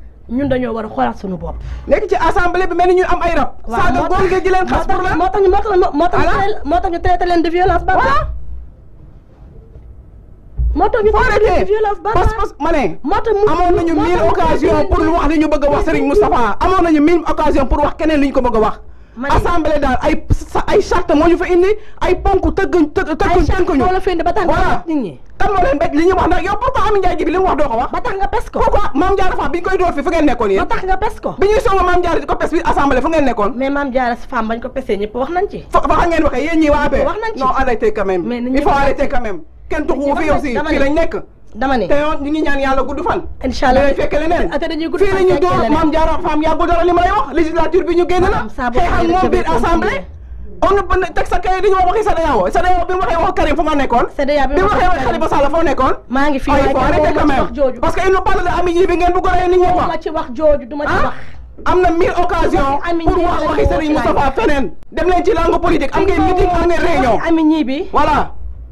[SPEAKER 2] ñun dañoo war a xoolaat suñu bopp. léegi ci assemblée bi mel ni ñu am ay rab. waaw moo tax saaga gi leen xas pour la moo tax moo tax ñu traité leen de violence barbare.
[SPEAKER 4] moo tax ñu traité leen de violence barbare parce que ma ne. moo tax amoon nañu mille occasion pour wax li ñu bëgg a wax Serigne Moustapha amoon nañu mille occasion pour wax keneen li ñu ko bëgg a wax. assemblée daal ay ay charte moo ñu fa indi ay ponku teug teug ñu ponk tëgguñ tëgguñ tënkuñu voilà kan moo leen béj li ñuy wax nak yow pourquoi Amy Ndiaye bi li mu wax do ko wax ba tax nga pes ko pourquoi Mame Diarra Fam bi ñu
[SPEAKER 2] koy dóor fi fu ngeen nekkoon yéen ba tax nga pes ko bi ñuy songo Mame Diarra di ko pes bi assemblée fu ngeen nekkoon mais Mame Diarra Fam bañ ko pesé ñep wax nañ ci fa fa ngeen waxee yéen ñi waa bee non
[SPEAKER 4] arrêtez quand même il faut arrêter quand même tu tuxu fi aussi si lañ nekk dama ne te yoon ñu ñaan yàlla gudd fan. incha allah mais fekk leneen. ate dañuy gudd fan fii la door maam li ma lay wax législature bi ñu génn na. saabu xeexal moom biir assemblée. on nga bëgg teg sa kayit dañoo waxi CEDEAO CEDEAO bi mu wax Karim fu nga nekkoon. CEDEAO bi mu waxee wax Khalifa Sall foo nekkoon. maa ngi fi waaye quand même wax jooju parce que il nous de Ami bi ngeen bëgg ni ñu
[SPEAKER 2] wax. ci wax jooju duma ci ah wax. am na mille occasion pour wax waxi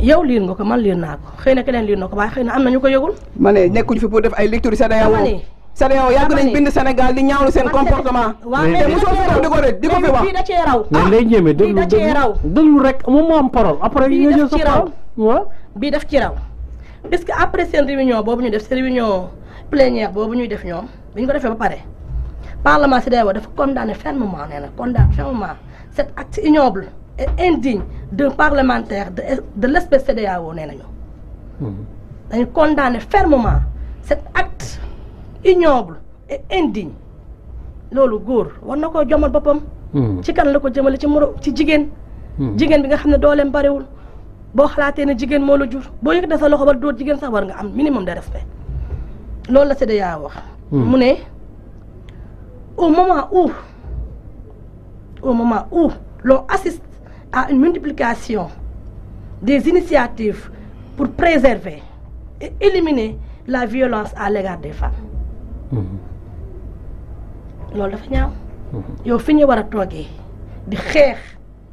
[SPEAKER 2] yow liin nga ko man liir naa
[SPEAKER 4] ko xëy na keneen liir na ko waaye xëy na am na ñu ko yëgul. ma ne nekkuñu fi pour def ay lecture CEDEAO. CEDEAO yàgg nañ bind Sénégal di ñaawlu seen comportement.
[SPEAKER 2] te mosoo fi toog di ko
[SPEAKER 4] de di ko fi wax. fii da cee raw
[SPEAKER 1] mais lay moom moo am parole après. ñu jël sa parole
[SPEAKER 2] waaw bii seen réunion boobu ñu def seen réunion plénière boobu ñuy def ñoom bi ñu ko defee ba pare parlement CEDEAO dafa condamné fermement nee na condamné fermement cet acte ignoble et indigne d'un parlementaire de de l'espèce CEDEAO nee
[SPEAKER 3] Nous hmm.
[SPEAKER 2] condamner fermement cet acte ignoble et indigne ce góor war na koo jomal hmm. ci kan ko jëmale ci moro ci jigen. Hmm. bi nga la jur loxo nga minimum de respect la wax. mu né au moment où au moment où l'on assiste à une multiplication des initiatives pour préserver et éliminer la violence à l'égard des femmes. C'est mm-hmm. dafa fini, il mm-hmm. fi ñu war a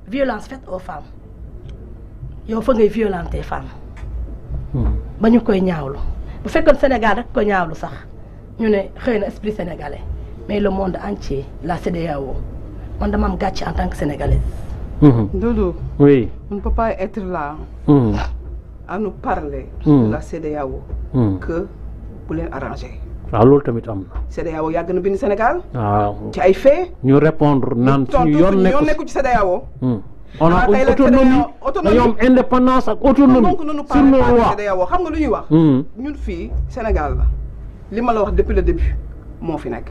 [SPEAKER 2] violence faite aux femmes yow fa ngay violenter femmes. Mm-hmm. ba femmes koy faites comme au Sénégal on ko ñaawlu sax ñu ne esprit sénégalais mais le monde entier la CDAO, on suis en tant que sénégalaise.
[SPEAKER 1] Mhm. Doudou, oui.
[SPEAKER 4] on ne peut pas être là mhm. à nous parler mhm. de la CEDEAO que bu leen arranger.
[SPEAKER 1] waaw ah, loolu tamit am na.
[SPEAKER 4] CEDEAO yàgg na bind Sénégal.
[SPEAKER 1] waaw ah. ci ay fait. ñu répondre naan suñu yoon nekku ci CEDEAO. on a ah, une autonomie
[SPEAKER 4] dañoo am indépendance ak autonomie. sur nos lois CEDEAO xam nga lu ñuy wax. ñun fii Sénégal la li ma la wax depuis le début moo fi nekk.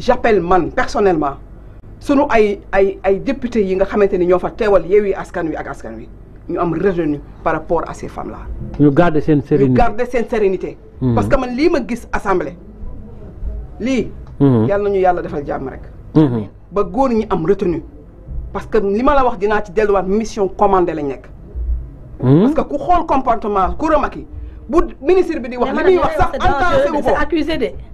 [SPEAKER 4] j'appelle man personnellement. sunu ay ay ay député yi nga xamante ni ñoo fa teewal Yewwi Askan Wi ak askan wi ñu am revenu par rapport à ces femmes la
[SPEAKER 1] ñu garder seen sérénité ñu garder
[SPEAKER 4] seen sérénité. Hmm. parce que man lii ma gis assemblée lii. Hmm. yàlla nañu yàlla defal jàmm rek. Hmm. ba góor ñu am retenu parce que li ma la wax dinaa ci delluwaat mission commandée lañ nekk. parce que ku xool comportement Coura Macky bu ministre bi di wax. li muy wax sax en tant que de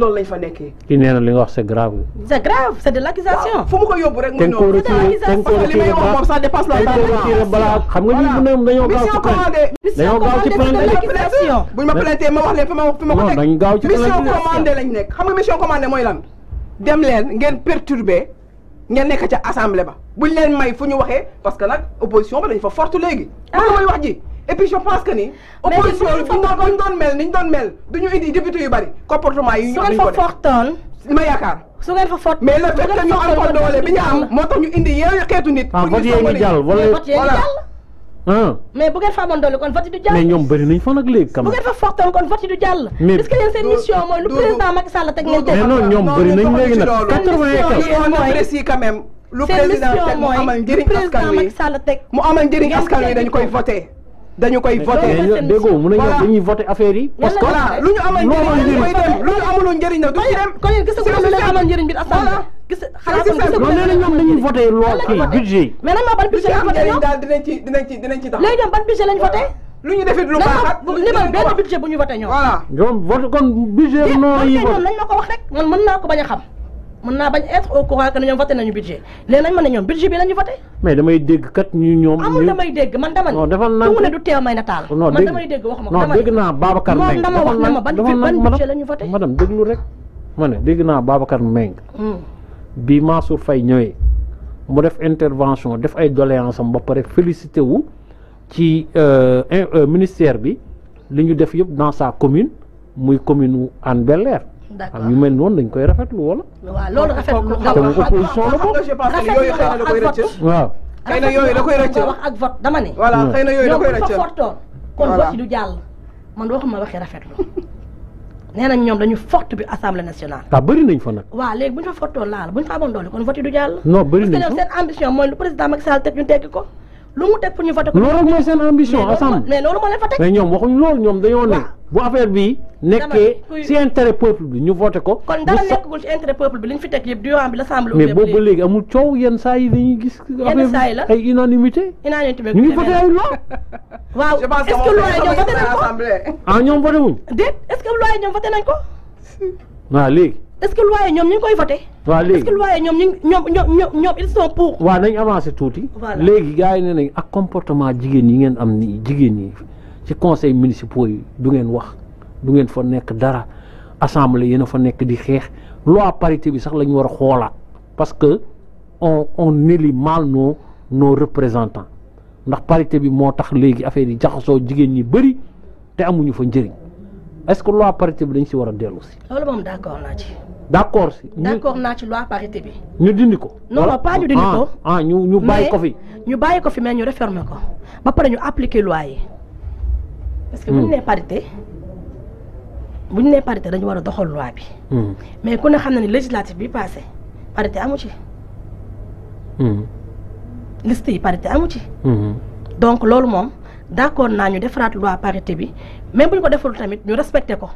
[SPEAKER 4] loolu lañ fa nekkee.
[SPEAKER 1] kii nee na li nga wax c'est grave.
[SPEAKER 4] c'est grave c'est de l'accusation. fu mu ko yóbbu rek.
[SPEAKER 2] mooy noonu parce
[SPEAKER 1] que li may wax nga dañoo gaaw ci plainte. mission commandée de l'accusation
[SPEAKER 4] ma plaintee ma wax leen fi ma fi ma ko teg. mission commandée lañ nekk xam nga mission commandée mooy lan. dem leen ngeen perturber ngeen nekk ca assemblée ba bu buñ leen may fu ñu waxee parce que nag opposition ba dañ fa forte léegi. ah mooy wax ji. et puis je pense que ni. opposition bi ñu doon mel ni ñu doon mel du ñu indi député yu bari comportement yi ñu am ko def ma yaakaar. su ngeen fa fot mais le fait que ñu am ko doole bi ñu am moo tax ñu indi yooyu xeetu nit. Ah, pour ñu
[SPEAKER 1] ah.
[SPEAKER 2] mais bu ngeen fa amoon doole kon vote du jàll. mais ñoom
[SPEAKER 1] bëri nañ fa nag léegi. bu ngeen
[SPEAKER 2] fa fortoon kon vote du jàll. mais est-ce que yéen seen mission mooy lu président Macky Sall teg ngeen teg. mais non ñoom bëri nañ léegi
[SPEAKER 4] nag. o vingt quand même. lu président teg mu amal njëriñ askan wi mu amal njëriñ askan wi dañ koy voté
[SPEAKER 1] dañu koy voté déggoo mun nañu dañuy voté affaire yi parce que lu ñu amal njëriñ koy dem
[SPEAKER 4] lu ñu amuloo njëriñ nag du ci dem kon yéen lu leen amal
[SPEAKER 2] njëriñ bi assemblée gis xalaat loolu nee na ñoom
[SPEAKER 1] dañuy voté loi kii budget
[SPEAKER 2] mais ban budget lañ voté ñoom lu ñu defit lu baaxat limal benn budget bu ñu voté ñoom
[SPEAKER 1] kon budget noonu yi voté ñoom nañ
[SPEAKER 2] ko wax rek man mën naa ko bañ a xam mën naa bañ être au courant que ne ñoom voté nañu budget léegi nañ ma ne ñoom budget bi lañu voté
[SPEAKER 1] mais damay dégg kat ñu ñoom amul damay dégg man dama ne mu ne du teew may nataal man damay dégg wax ma non dégg naa Babacar Mbengue dama wax na ma ban budget lañu voté madame déglu rek ma ne dégg naa Babacar Mbengue hmm. bi Mansour Faye ñëwee mu def intervention def ay doléance am ba pare félicité wu ci euh, euh, ministère bi li ñu def yëpp dans sa commune muy commune wu Hann Bel-Air d'accord ah, yu mel noonu dañ koy rafetlu wala. waaw loolu rafetlu nga
[SPEAKER 2] wax ak ak vote dama ne. voilà hmm. xëy na yooyu da koy rëcc fortoon kon vote yi du jàll man waxuma waxee rafetlu ñoom dañu forte bi assemblée nationale.
[SPEAKER 1] ah bëri nañ fa nag.
[SPEAKER 2] waaw léegi bu ñu fa fortoon laal bu ñu fa amoon kon vote du jàll. non parce que seen ambition mooy lu président Macky Sall ñu teggi ko. lu mais teg pour ambition ensemble mais
[SPEAKER 1] mais ne. si intérêt peuple bi ñu ko. kon
[SPEAKER 2] intérêt peuple bi avons une ambition l'assemblée. mais amul
[SPEAKER 1] yi dañuy gis. Nous avons ay unanimité.
[SPEAKER 2] ñu Nous ay loi. Wow. est-ce que loi voté nañ
[SPEAKER 1] ah une
[SPEAKER 2] est-ce que loi une voté nañ ko.
[SPEAKER 1] une ah,
[SPEAKER 2] est-ce que loyer ñoom ñu ngi koy voté. léegi est-ce que loyer ñoom ñu ñoom ñoom ñoom ils sont pour.
[SPEAKER 1] waaw nañ avancé tuuti. léegi gars yi ne nañ ak comportement jigéen yi ngeen am nii jigéen ñi ci conseil municipaux yi du ngeen wax du ngeen fa nekk dara assemblée yéen a fa nekk di xeex loi parité bi sax la ñu war a xoolaat parce que on on élit mal nos nos ndax parité bi moo tax léegi affaire yi jaxasoo jigéen ñi bëri te amuñu fa njëriñ. est-ce que loi parité bi dañ si war a dellu si.
[SPEAKER 2] loolu moom d'accord naa ci.
[SPEAKER 1] d'accord si d'accord
[SPEAKER 2] naa ci loi parité bi.
[SPEAKER 1] ñu dindi ko. non non pas ñu dindi ko. Ah, ah, ñu ñu bàyyi ko fi.
[SPEAKER 2] ñu bàyyi ko fi mais ñu réformer ko ba pare ñu appliquer loi yi. parce que bu ñu hmm. nee parité bu ñu parité dañu war a doxal loi bi. Hmm. mais ku ne xam na ni législative bi passé parité amu ci. Hmm. liste yi parité amu ci. donc loolu moom. d'accord naa ñu defaraat loi parité bi même bu ñu ko deful tamit ñu respecté ko.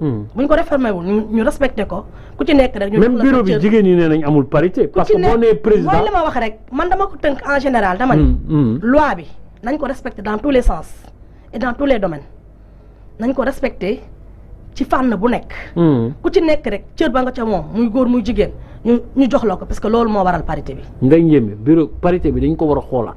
[SPEAKER 2] Hmm. bu ñu ko réformé wul ñu respecté ko ku ci nekk rek. ñu même bureau jigéen
[SPEAKER 1] ñi nee nañ amul parité. parce que boo nee président ma
[SPEAKER 2] wax rek man dama ko tënk en général dama ne. Hmm, hmm. bi nañ ko respecté dans tous les sens et dans tous les domaines nañ ko respecté ci fànn bu nekk. ku ci nekk rek cër ba nga ca moom muy góor muy jigéen ñu ñu jox la ko parce que loolu moo waral parité bi.
[SPEAKER 1] nga yéeme bureau parité bi dañ ko war a xoolaat.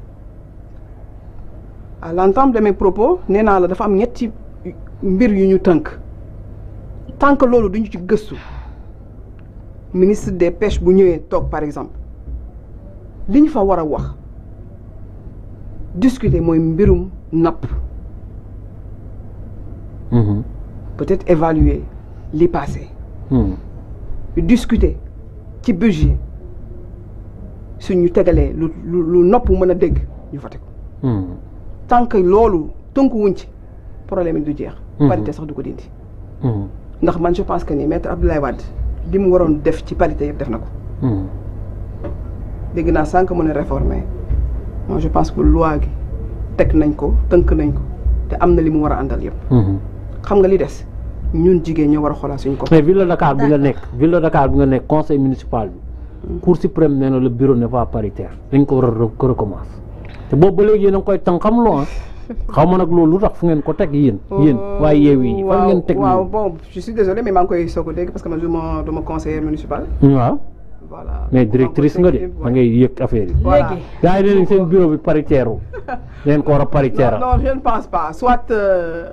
[SPEAKER 4] à l'entendre de mes propos nee la dafa am ñetti mbir yu ñu tant que l'on ci ministre des pêches bu ñëwé par exemple liñ fa wara wax discuter moy mbirum
[SPEAKER 3] mm-hmm.
[SPEAKER 4] peut-être évaluer li passé
[SPEAKER 3] mm-hmm.
[SPEAKER 4] discuter ci budget suñu tégalé lu lu nopp mëna tant que loolu wuñ ci problème yi du jeex. Mhm. parité sax du ko dindi. Mhm. ndax man je pense que ni maître lay Wade li mu waroon def ci parité yëpp def na ko. Mhm. dégg naa sànq mu ne réformer moi je pense que loi gi teg nañ ko tënk nañ ko te am na li mu war a àndal yëpp. xam nga li des ñun jigéen ñoo war a xoolaat suñ ko. mais ville de Dakar bi nga nekk
[SPEAKER 1] ville de bi nga nekk conseil municipal bi. cour suprême nee bureau n'est pas paritaire dañ ko war te boobu ba léegi yéen a ngi koy loo ah xaw ma nag loolu lu tax fu ngeen ko teg yéen. yéen oh, waaye yeew yi fan ngeen teg waaw bon je suis désolé mais maa ngi koy soog a dégg
[SPEAKER 4] parce que man du ma du ma conseillère municipal.
[SPEAKER 1] waaw. nga de da ngay yëg affaire yi. voilà gars yi nee bi paritaire leen ko war a paritaire non
[SPEAKER 4] je ne pense pas euh,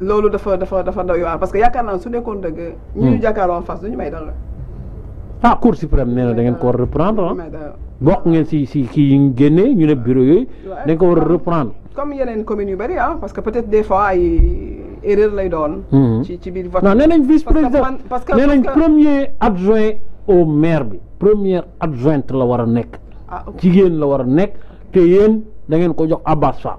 [SPEAKER 4] loolu dafa dafa dafa doy waar parce que naa su nekkoon dëgg. ñu ñu hmm. jàkkaarloo ñu may dara.
[SPEAKER 1] ah cour suprême nee na da ngeen ko war reprendre ah
[SPEAKER 4] euh,
[SPEAKER 1] ngeen si si kii yi ñu ne bureau yooyu dañ ko war a reprendre
[SPEAKER 4] comme yeneen communes yu bëri ah parce que peut-être des fois ay lay doon mm-hmm. ci ci biir vote nee nañ vice président parce que nee nañ
[SPEAKER 1] premier adjoint au maire bi première adjointe la war a nekk ah, jigéen la war a nekk te yéen da ngeen ko jox Abbas Fall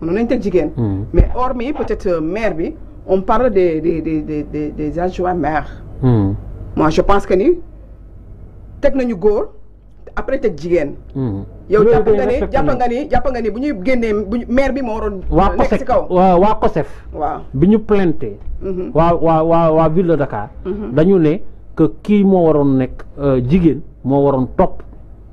[SPEAKER 4] On nañ teg jigéen. Hmm. mais hormis peut-être euh, maire bi on parle des des des des des des adjoints maires. Hmm. moi je pense que ni teg nañu góor après teg jigéen.
[SPEAKER 1] Hmm. yow jàpp nga ni jàpp
[SPEAKER 4] nga ni jàpp nga ni bu ñuy génnee bu maire bi moo waroon.
[SPEAKER 1] nekk ci kaw waa waa COSEF. waaw bi ñu planté. Mhm. waa waa waa waa ville de Dakar. Mhm. dañu ne que kii moo waroon nekk euh, jigéen moo waroon topp.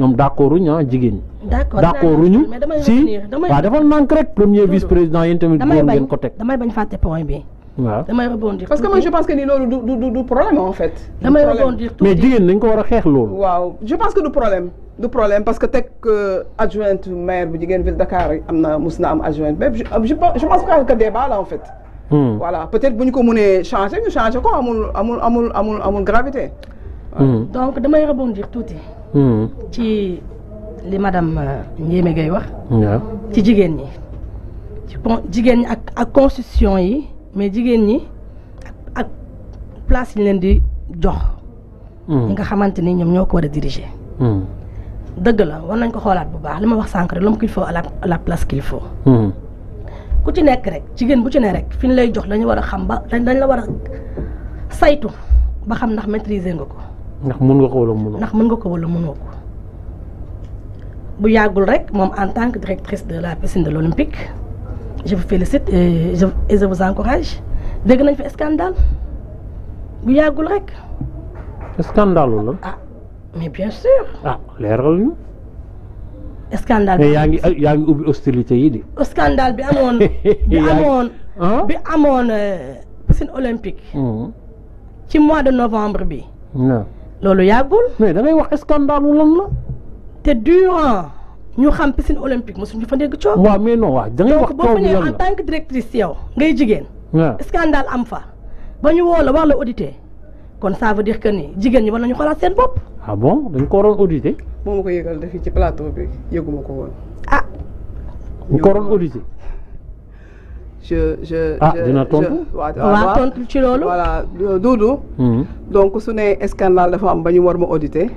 [SPEAKER 1] ñoom d'accorduñ ah jigéen
[SPEAKER 2] ñi. d'accorduñu si wa dafa
[SPEAKER 1] manque rek premier vice président yéen tamit. damay bañ ko tek damay bañ faté point bi. waaw
[SPEAKER 4] damay rebondir parce que moi je pense que ni lolu du du du problème en fait.
[SPEAKER 2] damay rebondir
[SPEAKER 1] mais jigéen dañ ko war a xeex
[SPEAKER 4] waaw je pense que du problème. du problème parce que tek euh, adjointe maire bu jigéen ville Dakar am na mus am adjoint mais je pense que débat là en fait. Hmm. voilà peut-être bu ñu ko mënee changer nous changer quoi, amul amul amul amul amul gravité. Hmm. donc damay
[SPEAKER 2] rebondir tuuti. Hmm. ci li madame euh, Ndiémé ngay wax. ci jigéen ñi. ci bon jigéen ñi ak ak constitution yi mais jigéen ñi ak place yi leen di jox. ñi hmm. nga xamante ni ñoom ñoo ko war a diriger. Hmm. dëgg la war nañ ko xoolaat bu baax li ma wax sànq rek l'homme qu'il faut la place qu'il faut. ku ci nekk rek jigéen bu ci ne rek fi ñu lay jox lañu war a xam ba dañ la war a saytu ba xam ndax maîtriser nga ko. Je mën ko en tant que directrice de la piscine de l'Olympique je vous félicite et je vous encourage fait nañ scandale bu fait
[SPEAKER 1] un scandale ah
[SPEAKER 2] mais bien sûr. ah Un scandale mais oh,
[SPEAKER 1] scandale.
[SPEAKER 2] y scandale ah? euh, piscine olympique.
[SPEAKER 3] Mm-hmm.
[SPEAKER 2] mois de novembre Non. loolu yàggul. mais da ngay wax scandale lan la. te durant ñu xam piscine olympique mosuñu fa dégg
[SPEAKER 1] coow. waaw mais non waaw da ngay wax coow lan la en tant
[SPEAKER 2] directrice yow ngay jigéen. waaw scandale am fa. ba ñu woo la wax la audité kon ça veut dire que ni jigéen ñi war nañu xoolaat seen bopp.
[SPEAKER 1] ah bon dañ ko waroon audité. moo ma ko yëgal defi
[SPEAKER 4] ci plateau bi yëguma ko woon. ah.
[SPEAKER 1] ñu ko audité.
[SPEAKER 4] je je ah dina tontu waaw tontu ci voilà Doudou. Hmm. donc su un scandale de am ba ñu war ma auditer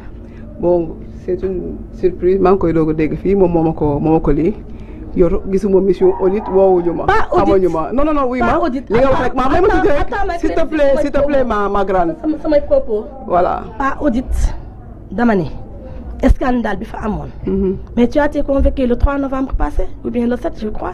[SPEAKER 4] bon c'est une surprise Je ngi koy doog a dégg fii moom moo ma ko moo ma mission audit woowuñu ma. pas audit non non non oui ma li nga wax rek ma may ma tuuti rek te plaît s'il te plaît ma ma grande.
[SPEAKER 2] samay propos. voilà. pas audit dama ne. scandale bi fa amone mm-hmm. mais tu as été convoqué le 3 novembre passé
[SPEAKER 4] ou bien le 7 je crois.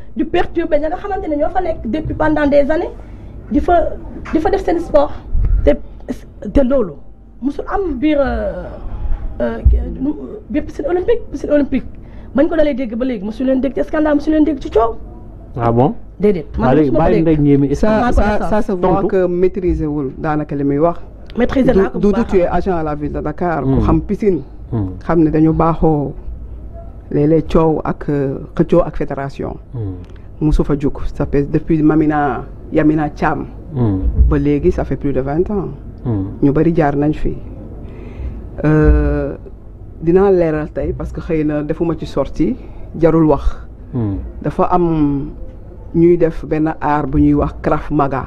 [SPEAKER 2] du perturber ña nga xamante ñoo fa nek depuis pendant des années di fa di fa def sen sport te te lolu musul am bir euh, euh biir piscine olympique piscine olympique bañ ko dalay dégg ba léegi musul leen dégg ci scandale musul leen dégg ci ciow ah bon déedéet. man de su ma ko dégg ça ça se voit que
[SPEAKER 4] maîtriser wul daanaka li muy wax. maîtriser naa ko bu baax du tu es agent à la ville de Dakar. ku hmm. xam piscine. Hmm. xam ne dañu baaxoo. Les les ak euh, xëccoo ak fédération. Hmm. musu fa ça fait depuis Mamina Yamina cham hmm. ba ça fait plus de 20 ans. Hmm. ñu bari jaar nañ fi. Euh, dina léral parce que xeyna defuma ci sortie jarul wax. dafa am ñuy def ben art bu ñuy wax craft Maga.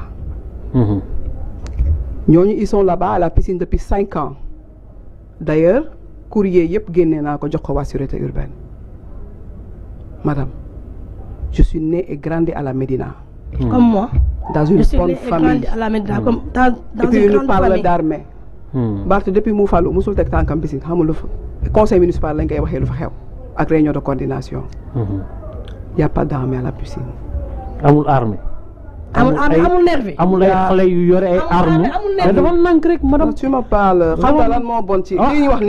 [SPEAKER 4] ils sont là-bas à la piscine depuis 5 ans d'ailleurs courrier yep génne naa ko jox ko urbaine. Madame, je suis né et grandi à la Médina. Hmm. Comme moi.
[SPEAKER 2] Dans une je bonne famille. suis à la Médina. Hmm.
[SPEAKER 4] une parle d'armée. Hmm. depuis que je suis musul le conseil municipal réunion de coordination. Il y a pas
[SPEAKER 1] d'armée à la piscine. Amul armée. amul amul amul yu ay armes mais dafa
[SPEAKER 4] tu me parles xam lan bon ci ah. wax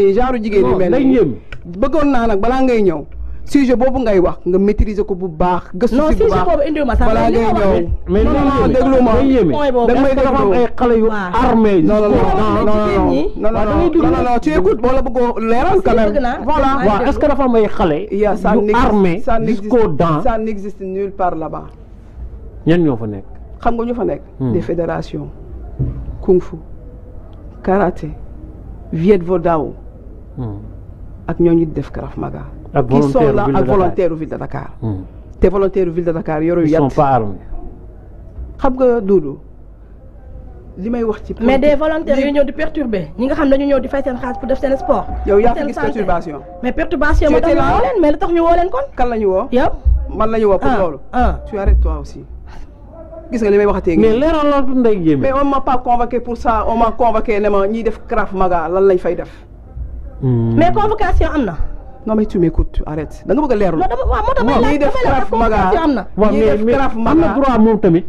[SPEAKER 4] genre sujet boobu ngay wax nga maîtriser ko bu baax.
[SPEAKER 3] gëstu si bu baax balaa ngay ñëw mais déglu ma da may dafa am ay xale yu armé. non non non non non tu écoutes
[SPEAKER 4] wala bëggoo leeral quand même voilà waaw est-ce que
[SPEAKER 1] dafa am ay xale. yu armé jusqu'aux dents ça
[SPEAKER 4] n'existe nulle part là-bas. ñan ñoo fa nekk. xam nga ñu fa nekk. Hmm. des fédérations kung-fu karaté viet vo dao hmm. ak ñooñu def Krav Maga. ak qui sont là ak volontaire ville de Dakar. Mm. te volontaire ville de Dakar yoru yat. xam nga Doudou li may wax ci. mais des volontaires yu ñëw
[SPEAKER 2] di perturber ñi nga xam dañu ñëw di fay seen xaalis pour def
[SPEAKER 4] seen sport. yow yaa fi
[SPEAKER 2] gis perturbation.
[SPEAKER 4] mais perturbation moo tax mais lu tax ñu woo leen kon. kan la ñu woo. yow man la ñu woo pour ah, loolu. Ah. gis nga li may waxatee. mais leeral loolu nday jéem mais on m'a pas convoqué pour ça on m'a ne ma ñiy def Krav Maga lan lañ fay def. Hmm. mais non mais tu m'écoutes arrête da nga bëgg a leerlu. non dama waaw moo tax ñiy def kalaaf maga
[SPEAKER 1] am na. ñiy def kalaaf maga am na droit moom tamit.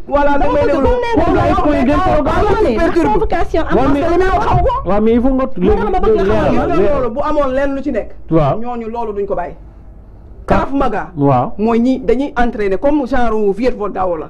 [SPEAKER 1] bu
[SPEAKER 4] amoon lenn lu ci nekk. waaw ñooñu loolu duñ ko bàyyi. kalaaf maga. waaw mooy ñi dañu dañuy ne comme genre viet vol daaw la.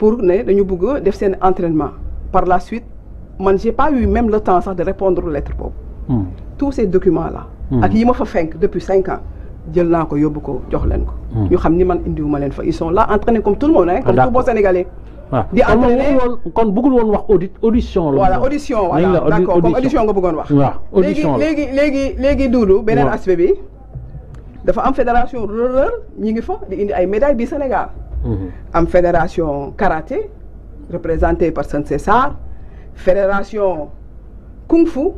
[SPEAKER 4] pour nous, dañu un entraînement par la suite je n'ai pas eu même le temps de répondre lettres, lettres. Hmm. tous ces documents là hmm. depuis 5 ans jël Ils ko là, hmm. ils sont là entraînés comme tout le monde hein, comme ah, tout bon sénégalais
[SPEAKER 3] ah,
[SPEAKER 1] audition voilà audition voilà d'accord comme audition
[SPEAKER 4] fédération ñi Sénégal Mm-hmm. am fédération karaté représentée par saint césar fédération kung fu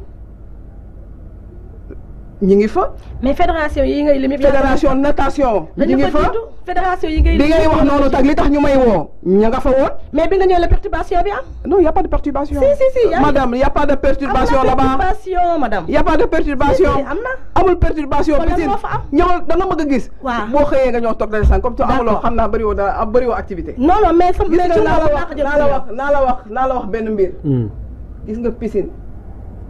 [SPEAKER 4] ñi ngi fa mais fédération yi ngay lim fédération natation ñi ngi fa fédération yi ngay bi ngay wax nonu tak li tax ñu may wo ña nga fa won mais bi nga ñëw la perturbation bi am non y a pas de perturbation si si si madame y a pas de perturbation là bas
[SPEAKER 2] perturbation madame y a pas de perturbation amna
[SPEAKER 4] amul perturbation petit ñewal da nga mëgg gis bo xeye nga ñoo tok dal san comme to amulo xamna bari wo dara bari wo activité non non mais sama la la wax na la wax na la wax ben mbir hmm. gis nga piscine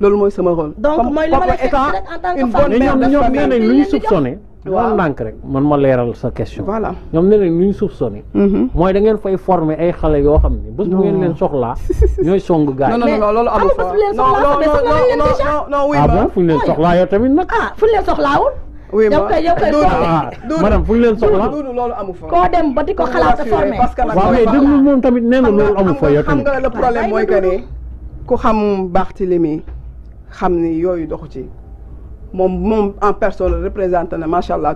[SPEAKER 1] loolu mooy sama rôle. donc mooy li ma la fekk
[SPEAKER 4] rek en tant que femme ñoom ñoom nee
[SPEAKER 1] nañ lu ñu soupçonné. waaw ñoom nee nañ lu ñu mooy da ngeen fay former ay xale yoo xam ne. bés bu ngeen leen soxlaa. ñooy song gars yi. non non
[SPEAKER 2] loolu amul fa non ah bon fu ñu leen soxlaa
[SPEAKER 1] yow tamit nag. ah fu ñu leen soxlaawul. oui ma ah, madame fu ñu leen soxla
[SPEAKER 4] loolu amu fa koo dem ba di ko xalaat formé waaw mais déglu moom tamit nee loolu amu fa yow tamit xam nga le problème xam yoyu yooyu doxu ci moom moom en personne représenté na macha allah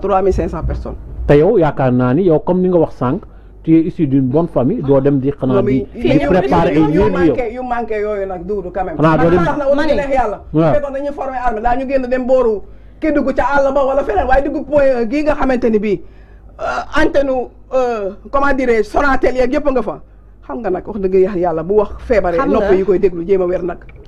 [SPEAKER 4] personnes.
[SPEAKER 1] te yow yaakaar naa ni yow comme ni nga wax sànq tu es issu d'une bonne famille doo dem di. xanaa di di préparer ay ñu yu manqué
[SPEAKER 4] yu manqué yooyu nag duudu quand même. xanaa doo dem man neex yàlla. waaw fekkoon dañuy former armée daa ñu génn dem booru kii dugg ca àll ba wala feneen waaye dugg point e gii nga xamante ni bii euh, antenne euh, comment dire je Sonatel yeeg yëpp nga fa xam nga nag wax dëgg yàlla bu wax feebaree. nopp yi koy déglu jéem a wér nag.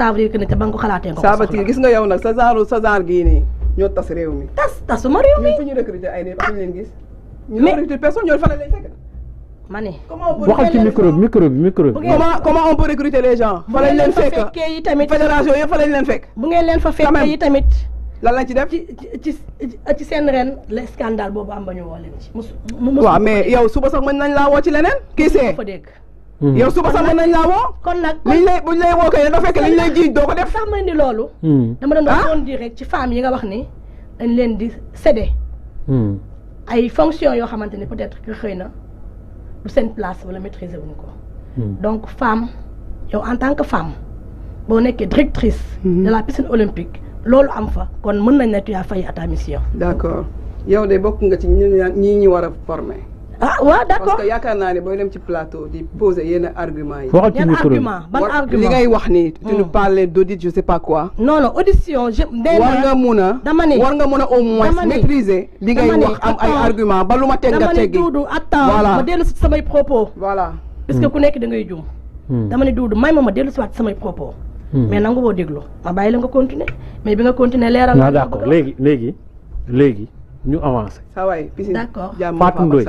[SPEAKER 4] ça veut dire que ne te ba nga ko xalaatee nga gis nga yow nag sa genre sa genre gii ñoo tas réew mi tas tasuma réew mi ñu recruter ñu leen gis ñu fa la lay
[SPEAKER 2] ci micro
[SPEAKER 1] bi micro bi micro bi
[SPEAKER 4] comment on peut recruter les gens
[SPEAKER 2] fa fekk fekkee yi tamit fédération yëpp fa lañ leen fekk bu ngeen leen fa fekkee yi tamit lan lañ ci def ci seen ren le scandale boobu am ba ñu woo leen ci waaw mais yow suba sax mën nañ laa woo ci leneen
[SPEAKER 4] kii see fa dégg
[SPEAKER 3] Mm-hmm. yow suba sax mën nañ la wo
[SPEAKER 2] kon nak liñ
[SPEAKER 4] lay buñ lay woo kay dafa
[SPEAKER 2] fekk liñ lay jiiñ do ko def. sax ma indi loolu. Mm-hmm. dama doon répondre ah? rek ci femme yi nga wax ni dañ leen di cédé. Mm-hmm. ay fonctions yo xamante peut-être que xeyna na du seen place wala maîtriser wuñ ko. donc femme yow en tant que femme boo nekkee directrice. de la piscine olympique loolu am fa kon mën nañ ne tu as failli à ta mission. d'accord
[SPEAKER 4] yow de bokk nga ci ñi ñi ñu war a former. ah waa d' accord parce yaakaar naa ne booy dem ci plateau di poser yenn argument yi. waxal ci micro argument ban argument li ngay wax ni. tu nous hmm. parles d' audit je sais pas quoi. non non audition war nga mun a dama ne war nga mun a au li ngay wax am ay argument ba lu ma teg a teggi. dama ne Doudou attends ma
[SPEAKER 2] dellu si samay propos. voilà parce que ku nekk da ngay juum. Hmm. dama ne Doudou may ma ma dellu si waat samay propos. Hmm. mais nangu boo déglu ma bàyyi la nga continuer mais bi nga continuer leeral. d' accord
[SPEAKER 1] léegi léegi léegi ñu avancer. saa waay Fatou Ndoye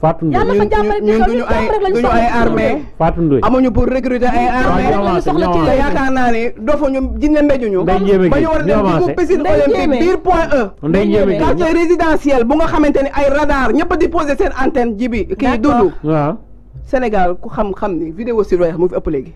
[SPEAKER 1] Fatou Ndoye ñun ñun duñu ay duñu ay armée Fatou Ndoye amuñu pour recruter ay armée te yaakaar
[SPEAKER 4] naa ne dofa ñu jinne mbejuñu ba ñu war a dem ci piscine olympique biir point E quartier résidentiel bu nga xamante ni ay radar ñëpp a di poser seen antenne ji bi kii dund Sénégal ku xam-xam ni vidéo surveillance mu fi ëpp léegi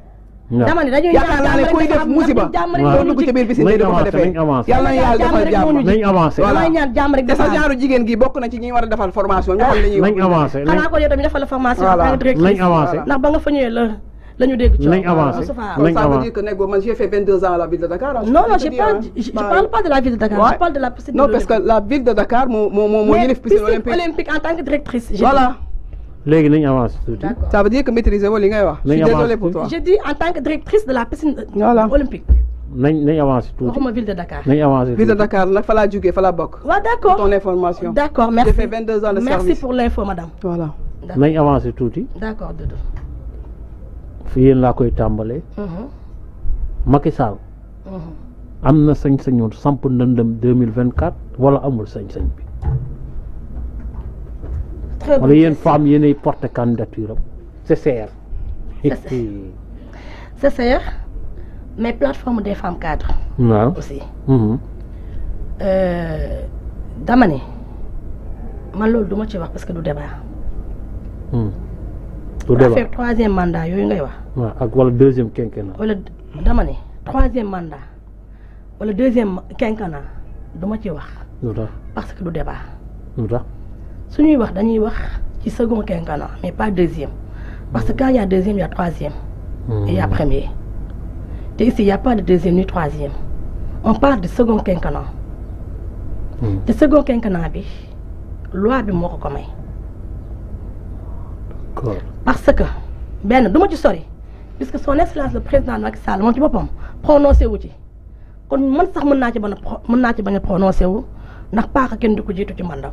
[SPEAKER 2] dama ne dañuy yaakaar naa ne kuy def musiba doo dugg ci biir bi si day ko defee yàlla na yàlla defal jàmm nañ avancé damay
[SPEAKER 4] ñaan jàmm rek te sa genre jigéen gi bokk na ci ñi war a defal formation ñoo xam ne nañ avancé xanaa ko yow tamit defal la formation nañ avancé ndax ba nga fa ñëwee la la ñu dégg nañ avancé nañ avancé que nekk man j'ai fait 22 ans à la ville de Dakar non non je parle je parle pas de la ville de Dakar je parle de la piscine non parce que la ville de Dakar moo moo moo yilif piscine
[SPEAKER 2] olympique en tant que directrice voilà
[SPEAKER 1] léegi nañu avancer. tuuti.
[SPEAKER 4] ça veut dire que maîtriser woo li ngay wax. je suis désolé pour toi. je
[SPEAKER 2] dis en tant que directrice de la piscine. Euh, voilà olympique.
[SPEAKER 1] nañ nañ avancer tuuti waxuma
[SPEAKER 2] ville de Dakar. nañ
[SPEAKER 1] avancé ville de
[SPEAKER 4] Dakar nak fala laa fala fa laa
[SPEAKER 2] bokk. ton
[SPEAKER 4] information. D'accord. merci j'ai fait 22 ans de service merci pour
[SPEAKER 2] l'info, madame. voilà
[SPEAKER 1] nañ avancer tuuti.
[SPEAKER 3] D'accord dodo. Doudou.
[SPEAKER 1] fi yéen laa koy tàmbalee. Mm-hmm. Macky Sall.
[SPEAKER 3] Mm-hmm.
[SPEAKER 1] am na sañ-sañoon samp ndëndëm 2024 wala amul sañ-sañ bi très une femme qui une porte candidature ça, c'est
[SPEAKER 2] ça, mais plateforme des femmes cadres. Non. aussi. Mm-hmm. Euh, parce que du débat.
[SPEAKER 1] Mm. du le
[SPEAKER 2] troisième mandat y ngay
[SPEAKER 1] wax. deuxième quinquennat.
[SPEAKER 2] wala troisième mandat le deuxième quinquennat parce que le débat. Si wax dañuy wax second quinquennat mais pas deuxième parce que quand il y a deuxième il y a troisième. et il y a hmm. premier ici il n'y a pas de deuxième ni troisième on parle de second quinquennat. Le hmm. second quinquennat la loi de mort ko parce que je suis désolé, ci puisque son excellence le président Macky Sall je ne boppam prononcé wu ci kon man sax mën de ci bañ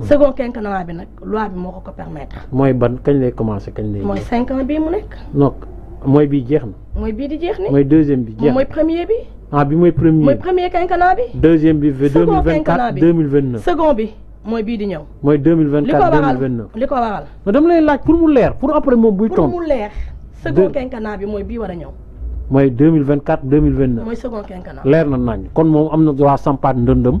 [SPEAKER 2] second quinquennat bi nak loi bi moko ko permettre.
[SPEAKER 1] moy ban kagn lay commencer kagn lay. moy
[SPEAKER 2] 5 ans bi mu nek
[SPEAKER 1] nok moy bi jeex
[SPEAKER 2] moy bi di jeex ni mooy
[SPEAKER 1] deuxième bi. jeex moy mooy premier bi. ah bi moy premier mooy
[SPEAKER 2] premier quinquennat bi.
[SPEAKER 1] deuxième bi deux mille vingt quatre deux mille second
[SPEAKER 2] bi moy bi di ñëw.
[SPEAKER 1] moy 2024 2029 vingt quatre waral li ko lay laaj pour mu leer pour après mom buy. ton pour mu leer second
[SPEAKER 2] quinquennat bi moy bi wara a
[SPEAKER 1] moy 2024 2029
[SPEAKER 2] moy second quinquennat
[SPEAKER 1] leer na nañ kon mom amna na droit sampaat ndëndëm.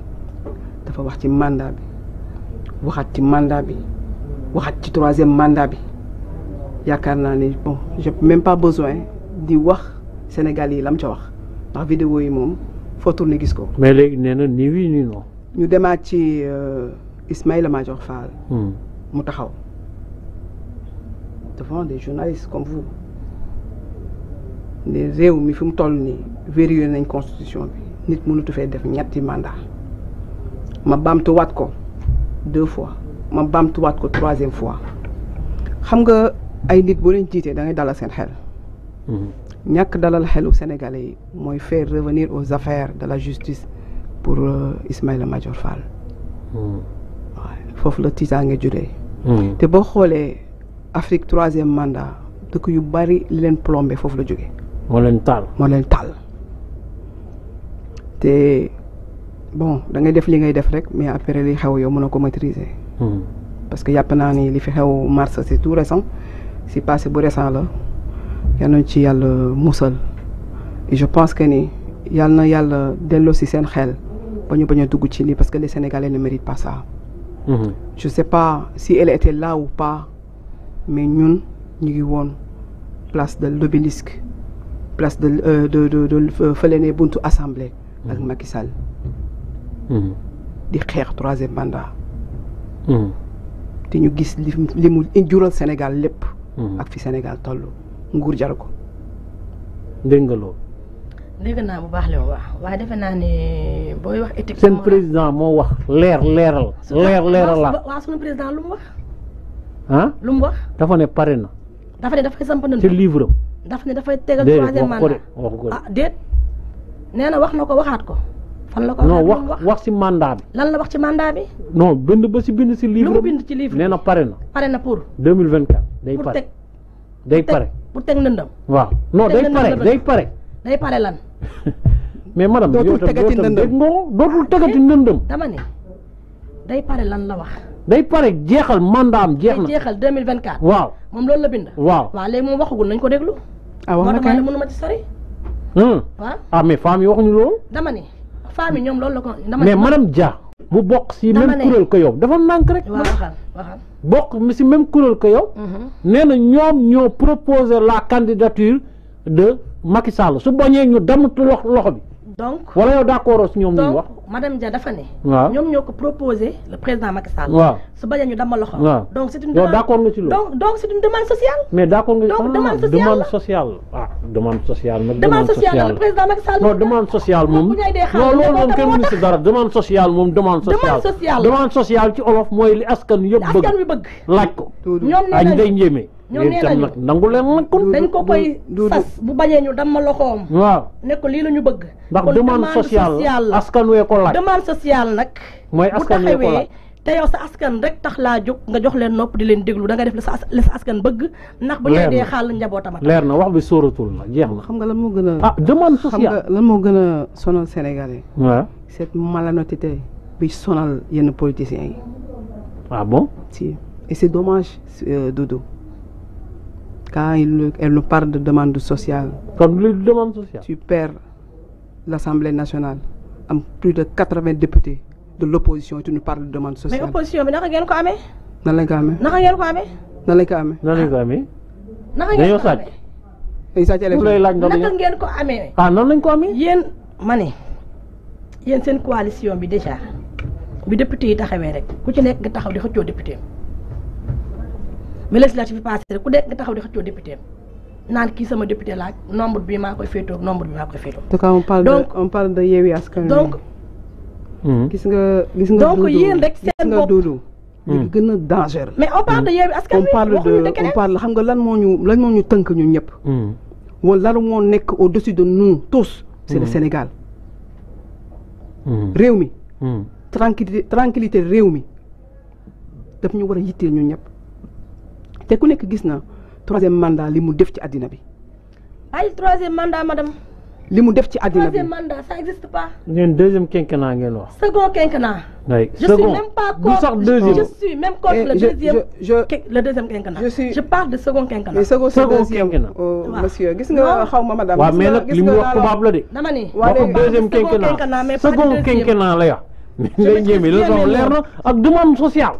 [SPEAKER 4] dafa wax ci mandat bi waxaat ci mandat bi waxaat ci troisième mandat bi yaakaar naa ne bon je même pas besoin di wax sénégalais yi lam ca wax ndax vidéo yi moom foo tourné gis ko.
[SPEAKER 1] mais léegi nee ni oui ni non.
[SPEAKER 4] ñu demaat ci euh, Ismaïla Madior Fall. Hmm. mu taxaw devant des journalistes comme vous ne réew mi fi mu toll nii vérifié nañ constitution bi nit mënatu fee def ñetti mandat ma baamtuwaat ko deux fois ma baamtuwaat ko troisième fois xam nga ay nit bo len jiitee da ngay dalal sen xel. Mhm. ñak dalal xelu Sénégalais moy faire revenir aux affaires de la justice pour euh, Ismaïla Madior Fall. waaw mhm. foofu la tiitaange juree. Mhm. té bo xolé Afrique troisième mandat dëkk yu bari li leen plombé foofu la jógee.
[SPEAKER 1] moo leen tal moo leen
[SPEAKER 4] tal te bon da ngay def li ngay def rek mais après li xew yow choses qui ko maîtriser. Hmm. parce que yàpp naa ni li fi xew mars c'est tout récent si passé bu récent la yal ci yàlla musal et je pense que ni a na yàlla delloo si seen xel ba ñu bañ ci parce que les Sénégalais ne méritent pas ça. Hmm. je sais pas si elle était là ou pas mais ñun ñu ngi woon place de l'obélisque place de euh, de de de euh, assemblée. ak hmm. Macky Sall. Hmm. di xeex troisième mandat. Hmm. te ñu gis li mu jural Sénégal lépp. Hmm. ak fi Sénégal
[SPEAKER 1] tollu nguur jar ko. dégg nga
[SPEAKER 2] dégg naa bu baax li ma wax waaye defe naa ni booy wax éthique.
[SPEAKER 1] seen président moo wax leer leeral. leer leeral la
[SPEAKER 2] waaw sunu président lu mu wax. ah lu mu wax.
[SPEAKER 1] dafa ne pare na.
[SPEAKER 2] dafa ne dafay samp ci livre dafa ne dafay tegal troisième mandat ah déet nee na wax na ko waxaat ko.
[SPEAKER 1] fan la ko non wax wax si mandaa bi.
[SPEAKER 2] lan la wax si mandat bi.
[SPEAKER 1] non bind ba si bind si livre. lu bind ci livre nee na pare na. pare na pour. 2024 day pare. day pare pour teg ndëndam. day pare day pare. day pare lan. mais madame yow tam dootul tegati ndëndam dootul tegati ndëndam. dama ne
[SPEAKER 2] day pare lan la wax.
[SPEAKER 1] day pare jeexal mandat am jeex na day
[SPEAKER 2] jeexal 2024. waaw moom loolu la bind. waaw waaw léegi moom waxagul nañ ko déglu.
[SPEAKER 1] ah wax na kay mënu ma ci ah mais femmes yi waxuñu loolu.
[SPEAKER 2] femme yi ñoom loolu la ko. dama mais madame
[SPEAKER 1] Dia. bu bokk si même kuréel ko yow dafa nànk rek. waaw waxal waxal. si même kuréel ko yow. nee na ñoom ñoo proposer la candidature de Macky Sall su bañee ñu dem loxo loxo bi.
[SPEAKER 2] donc wala yow
[SPEAKER 1] d'accord si ñoom ñuy wax
[SPEAKER 2] madame Dia dafa ne. waaw ñoom ñoo ko proposé le président Macky Sall. waaw su bañee ñu dama loxo. waaw donc c'est une demande d'accord nga ci loolu. donc donc c'est une demande sociale.
[SPEAKER 1] donc demande sociale moom bu ñu dee demande sociale moom demande sociale. demande ci olof mooy li askan yëpp bëgg. askan bëgg laaj ko. ñoom nee nañu ñoom nee nañu nag nangu leen nag kon dañ ko koy sas bu bañee ñu dama loxoom waaw ne ko lii la ñu bëgg
[SPEAKER 2] ndax askan wee ko laaj demande sociale nag mooy askan sa askan rek tax laa jóg nga jox leen nopp di askan bëgg nak bu ñu dee xaal njabootam leer
[SPEAKER 1] na wax bi sóoratul la jeex na xam nga lan moo gën a ah demande
[SPEAKER 4] sociale xam nga lan moo gën a sonal sénégalais
[SPEAKER 1] waaw cette
[SPEAKER 4] malhonnêteté sonal yenn politiciens ah si et c'est euh, dodo Quand elle nous parle de demande sociale. Tu perds l'Assemblée nationale. plus de 80 députés de l'opposition et tu nous parles de demande sociale. mais
[SPEAKER 2] opposition ah, mais déjà mais législative bi passé rek ku nekk nga taxaw di xëccoo député naan kii sama député laaj nombre bi maa koy féetoo nombre bi maa koy féetoo. donc on parle de
[SPEAKER 4] on parle de Yewwi Askan Wi donc. Mmh. gis nga gis nga. donc yéen rek seen bopp gis nga Doudou. Mmh. dangereux. mais on parle de Yewi Askan On parle de on parle xam nga lan moo ñu lan moo ñu tënk ñun ñëpp. Mmh. wala lan moo nekk au-dessus de nous tous. c'est le Sénégal. réew mi. tranquillité tranquillité réew mi daf ñu war a yitteel ñun ñëpp te ku nekk gis le troisième mandat li mu def ci Adina bi.
[SPEAKER 2] le troisième mandat madame.
[SPEAKER 4] qu'il a def ci Adina. bi troisième
[SPEAKER 2] mandat ça existe pas.
[SPEAKER 1] ngeen deuxième quinquennat wax.
[SPEAKER 2] second quinquennat.
[SPEAKER 1] oui je ne suis même pas contre. deuxième je
[SPEAKER 2] suis même contre le eh, deuxième. le deuxième quinquennat. je suis je parle de second quinquennat. mais second
[SPEAKER 1] quinquennat.
[SPEAKER 4] Oh,
[SPEAKER 3] monsieur gis nga
[SPEAKER 4] xaw ma
[SPEAKER 1] madame. Oui, mais nag li mu wax tubaab la de. dama
[SPEAKER 4] ne
[SPEAKER 2] waxul
[SPEAKER 1] deuxième quinquennat second quinquennat la ya. mais ngay ñeme leer na ak demande sociale.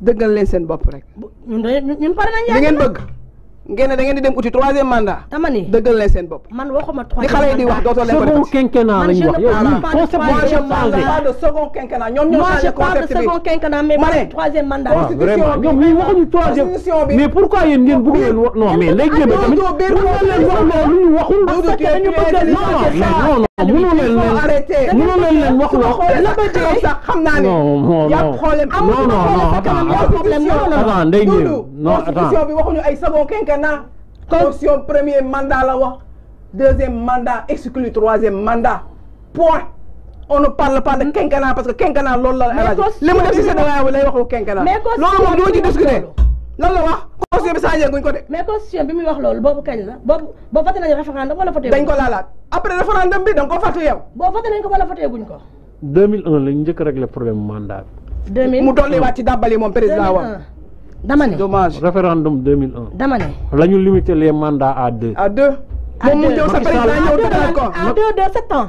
[SPEAKER 4] dëggal leen seen bopp rek. ñun ñun pare
[SPEAKER 2] nañ
[SPEAKER 3] li ngeen bëgg.
[SPEAKER 4] ngeen ne di dem uti troisième mandat. dama dëggal leen seen bopp. man waxuma troisième mandat li xale yi di wax dootoo leen lañu wax
[SPEAKER 2] yow concept mandat. vraiment ñoom
[SPEAKER 1] ñuy waxuñu mais pourquoi yéen ngeen bëgg leen non mais léegi tamit. pour nga leen wax loolu ñu waxul. parce que dañu bëgg non mënoo leen leen arrêté mënoo leen leen wax loo sax xam naa ne y' a problème non non non attends attends day ñëw non attends constitution bi
[SPEAKER 4] waxuñu ay second quinquennat constitution premier mandat la wax deuxième mandat exclu troisième mandat point on ne parle pas de mm. quinquennat parce que quinquennat loolu la. mais li mu def si Sénégal lay waxu quinquennat loolu moom doo ci discuter. lan la wax constitution
[SPEAKER 2] bi changé guñ ko de. mais constitution bi muy wax loolu boobu kañ la boobu boo voté nañu référendum wala voté. dañ ko laalaat après référendum bi da nga ko fàtte yow. boo voté
[SPEAKER 1] njëkk a problème mandat
[SPEAKER 2] bi. 2001 mu dolliwaat ci
[SPEAKER 1] dàbbali moom président wa. dama ne dommage référendum la ñu limité les mandats à deux. à deux. à deux moom mu ñëw sa président
[SPEAKER 2] ñëw dëggal
[SPEAKER 4] ko à sept ans.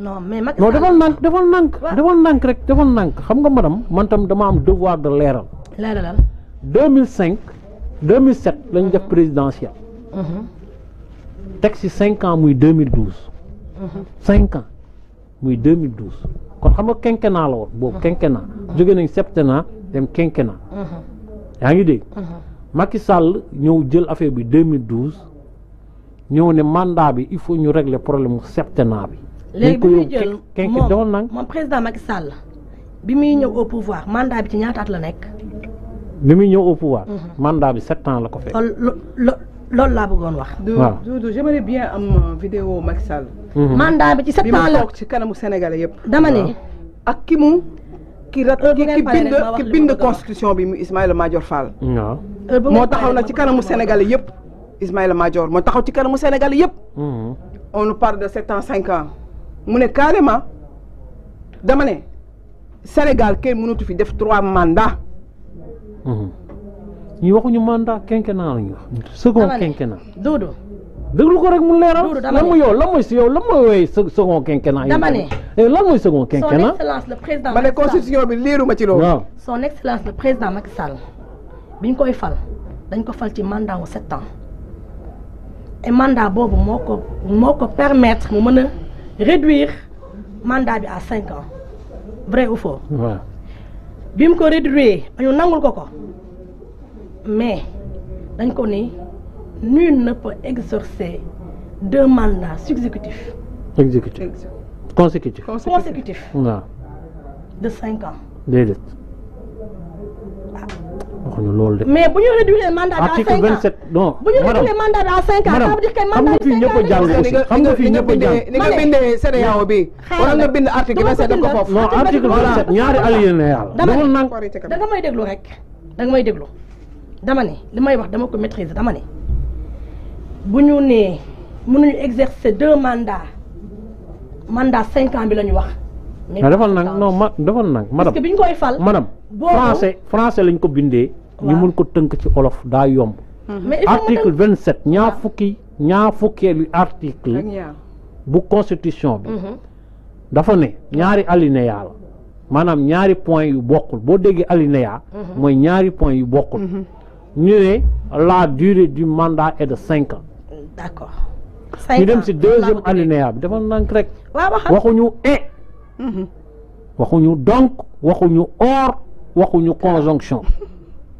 [SPEAKER 2] non mais Macky non defal nànk
[SPEAKER 1] defal nànk defal nànk rek defal nànk xam nga madame man tam dama am devoir de leeral. leeralal. 2005 2007 la ñu def mhm. présidentielle. Mhm. teg ci 5 ans muy 2012. 5 mhm. ans muy 2012 kon xam nga quinquennat la woon. boobu quinquennat jóge nañ septennat dem quinquennat. yaa ngi dégg. Macky Sall ñëw jël affaire bi 2012 ñëw ne mandat bi il faut ñu régler problème mu septennat bi.
[SPEAKER 2] Mon président Macky Sall au pouvoir mandat bi ci
[SPEAKER 1] au pouvoir. Mhm. mandat bi ans la ko
[SPEAKER 4] bëggoon j'aimerais bien am vidéo Macky Sall. Mhm. mandat bi ans la ci kanamu Sénégalais dama ak ki ki constitution bi Sénégalais Sénégalais mhm. on nous parle de 7 ans 5 ans mu ne carrément dama né Sénégal kenn mënatu fi def 3 mandats.
[SPEAKER 1] hmm ñi waxu ñu mandat quinquennat la ñu wax. second quinquennat. Doudou. déglu ko rek mu leeral. lan mooy yow lan mooy si yow lan mooy woowee second quinquennat. dama ne eh, lan mooy second quinquennat. son
[SPEAKER 2] excellence le président mané constitution
[SPEAKER 1] bi liiruma ci lolu
[SPEAKER 2] son excellence le président Macky Sall bi koy fal dañ ko fal ci mandat wu 7 ans et mandat bobu moko moko permettre mu mën réduire le mandat à 5 ans. Vrai ou faux Oui. Bim ko réduire, ñu nangul ko ko. Mais dañ ko ni nul ne peut exercer deux mandats exécutifs.
[SPEAKER 1] Exécutif. Consécutif. Consécutif. Consécutif. De 5 ans. waxuñu loolu de. mais
[SPEAKER 2] bu ñu réduire mandat à 5 ans article 27
[SPEAKER 1] non. bu ñu réduire
[SPEAKER 2] mandat à 5 mandat bi 5 ans xam nga fii ñëpp a jàng aussi xam nga a jàng. ni ko
[SPEAKER 4] foofu. non article 27 ñaari
[SPEAKER 1] alinéa la.
[SPEAKER 2] dama da nga may déglu rek da may déglu dama ne li wax dama ko maîtriser dama ne bu ñu nee mënuñu exercer deux mandats mandat 5 ans bi la ñu wax. mais defal nag
[SPEAKER 1] non ma defal nag. madame parce que bi
[SPEAKER 2] ñu koy fal. madame français
[SPEAKER 1] français lañ ko bindee. ñu mën ko tënk ci olof daa yomb
[SPEAKER 3] mm-hmm. article
[SPEAKER 1] 27 sept ñaar fukki ñaar fukkeelu article bu constitution bi mm-hmm. dafa ne ñaari alinéa la maanaam ñaari point yu bokkul boo déggee alinéa mm-hmm. mooy ñaari point yu bokkul ñu ne la durée du mandat est de 5 ans
[SPEAKER 2] d'accord ñu dem si deuxième
[SPEAKER 1] alinéa bi dafa nank rek waxuñu et waxuñu donc waxuñu or waxuñu conjonction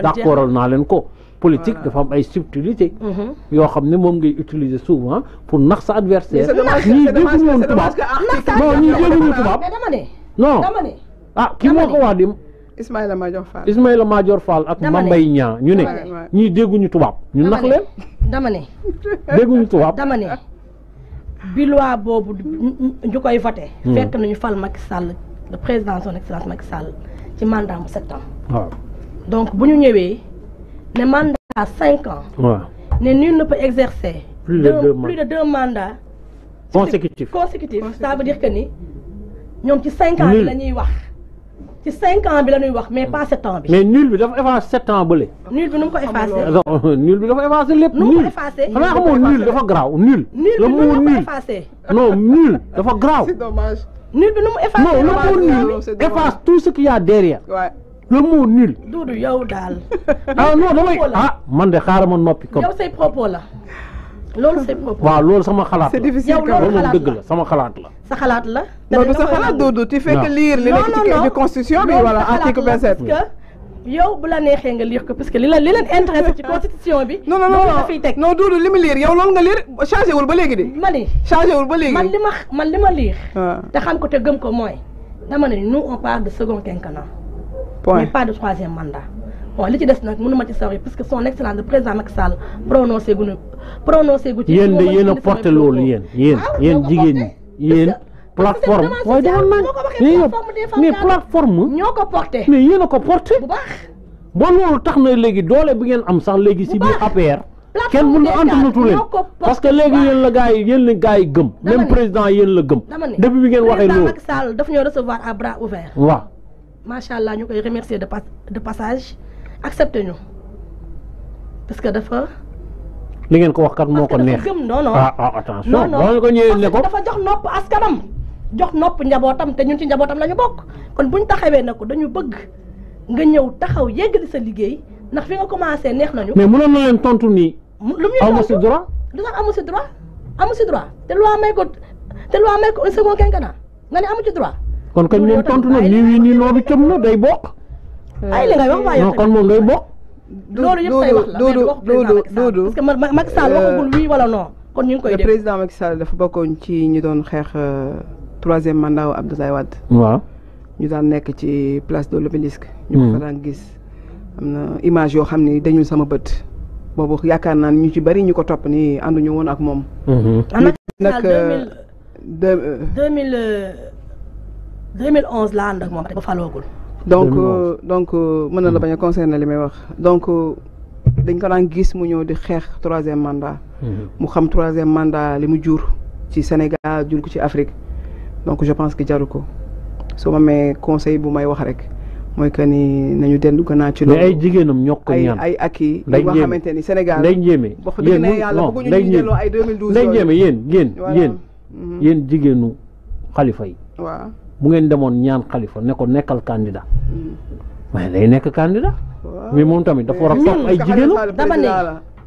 [SPEAKER 1] d'accordal naa leen ko politique dafa am ay subtilité mhm. yoo xam ne moom ngay utiliser souvent pour nax sa adversaire ñii dégguñu woon tubaab ah, non ñii dégguñu tubaab non ah kii moo ko wax di Ismaïla Madior Fall ak Mame Mbaye Niang ñu ne ñii dégguñu tubaab ñu nax leen
[SPEAKER 2] dama ne dégguñu tubaab dama ne bi loi boobu ñu koy voté hmm. fekk nañu fal Macky Sall le président son excellence Macky Sall ci mandat bu donc si nous, ñëwee un mandat ans. nul ne peut exercer. plus de deux mandats. consécutifs ça veut dire que nous, nous ci 5 ans bi ans bi mais pas 7 ans mais
[SPEAKER 1] nul ne dafa effacer 7 ans nul nul effacer. nul nul nul. nul non nul grave. c'est
[SPEAKER 2] dommage. nul ne non nul efface
[SPEAKER 1] tout ce qu'il y a derrière le mot nul.
[SPEAKER 2] Doudou yow
[SPEAKER 1] ah non ah man de yow
[SPEAKER 2] C'est propos propos sama c'est difficile C'est difficile. C'est la sama difficile. la. sa C'est la. non
[SPEAKER 1] tu fais que lire les constitution voilà article 27.
[SPEAKER 2] yow la nga lire parce que constitution non non non
[SPEAKER 4] non
[SPEAKER 3] lire yow difficile. nga lire wul ba
[SPEAKER 2] wul ba man man lire. Ah. te xam ko nous on parle de second quinquennat point mais pas de troisième mandat. bon li ci des nak mënu ci sawri parce que son excellent le président Macky Sall prononcé gu prononcé gu ci. yéen de yéen a porté
[SPEAKER 1] loolu yéen yéen ah, yéen jigéen ñi yéen. plateforme ni dafa naan mais plateforme. ñoo ko porté mais yéen ko porté. bu baax bo loolu tax na léegi doole bi ngeen am sax léegi ci biir APR. kenn mën na antanatu leen parce que léegi yéen la gaay yi la gaay gëm. même président yéen la gëm. depuis bi ngeen waxee loolu Macky
[SPEAKER 2] Sall daf ñoo recevoir à bras ouverts waaw. masha allah ñu koy remercier de pas de passage accepté ñu parce que dafa.
[SPEAKER 1] li ngeen ko wax kat moko neex non non ah ah attention non ko ñëw ne ko dafa
[SPEAKER 2] jox nopp askanam jox nopp njabotam te ñun ci njabotam lañu bok kon buñ taxawé ne dañu bëgg nga ñëw taxaw yeggali sa liggéey ndax fi nga commencé neex nañu. mais mënon na
[SPEAKER 1] leen tontu ni.
[SPEAKER 2] lu muy amu ci droit lu amu si droit amu ci droit te loi may ko te loi may ko un second quinquennat nga ni amu ci droit.
[SPEAKER 1] kon kañ moom tontu na nii wii nii noobi cëm na day bokk.
[SPEAKER 2] ay kon moom day bokk. loolu
[SPEAKER 1] la mais wax parce que Macky Sall euh, waxagul wii
[SPEAKER 4] wala ñu ngi président Macky Sall dafa bokkoon ci ñu doon xeex euh, troisième mandat wu Abdoulaye Wade. ñu daan nekk ci place de l'Obélisque. ñu ko hmm. daan gis na image yoo xam ne dañu sama bët. boobu yaakaar naa ñu ci bari ñu ko topp nii ànduñu woon ak moom.
[SPEAKER 3] Hmm.
[SPEAKER 2] 2011 là ànd ak moom ba faloogul.
[SPEAKER 4] donc euh, donc euh, mën la bañ a concerné wax donc euh, dañ ko daan gis mu ñëw di xeex troisième mandat. Mhm. mu xam troisième mandat li mu jur ci Sénégal jur ko ci Afrique donc je pense que jaru ko su ma mee conseil bu may wax rek mooy que ni nañu dellu gannaaw ci loolu. mais ay jigéenam ñoo ko ñaan ay ay ak yi. nday njéeme xamante
[SPEAKER 1] ni Sénégal nday njéeme. wax dëgg ne yàlla bëgguñu ñu delloo ay 2012. nday njéeme yéen yéen yéen. yéen jigéenu xalifa yi. waaw. bu ngeen demone ñaan khalifa ne ko nekkal candidat mm. mais day nekk candidat mais mom tamit dafa wara top ay jigéenu dama
[SPEAKER 2] ne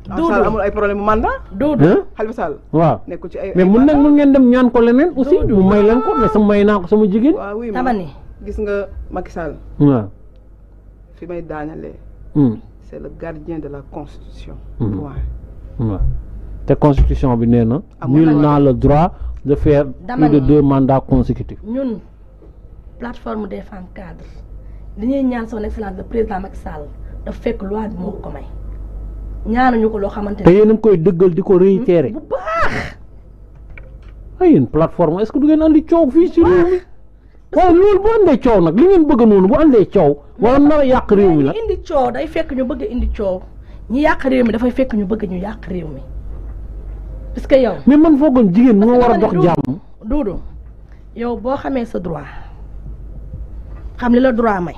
[SPEAKER 4] Doudou amul ay problème mandat Doudou Khalifa Sall waaw nekku ci ay mais mu
[SPEAKER 1] nak mu ngeen dem ñaan ko leneen aussi mu may leen ko mais sama ah. may naa ko sama jigeen
[SPEAKER 4] dama ne gis nga Macky Sall waaw fi may hmm c'est le gardien de la constitution
[SPEAKER 1] hmm. point hmm. waaw te constitution bi nee nul n'a le droit de faire plus de deux mandats consécutifs
[SPEAKER 2] ñun plateforme des femmes cadres li ñuy ñaan son excellence président Macky Sall dafa fekk loi bi moo ko may ñaanuñu ko loo xamante ne. te yéen
[SPEAKER 1] koy dëggal di ko réitéré. Hmm? bu baax. ay yéen plateforme est du ngeen andi coow fii si réew mi. waaw loolu bu andee coow nag li ngeen bëgg noonu bu andee coow. wala nar yàq réew mi la
[SPEAKER 2] indi coow day ñu bëgg indi coow ñi yàq réew dafay fekk ñu bëgg ñu yàq réew mi
[SPEAKER 1] parce que yow. mais man foogoon jigéen moo war a dox jàmm.
[SPEAKER 2] duudu yow boo xamee sa droit. xam li la droit may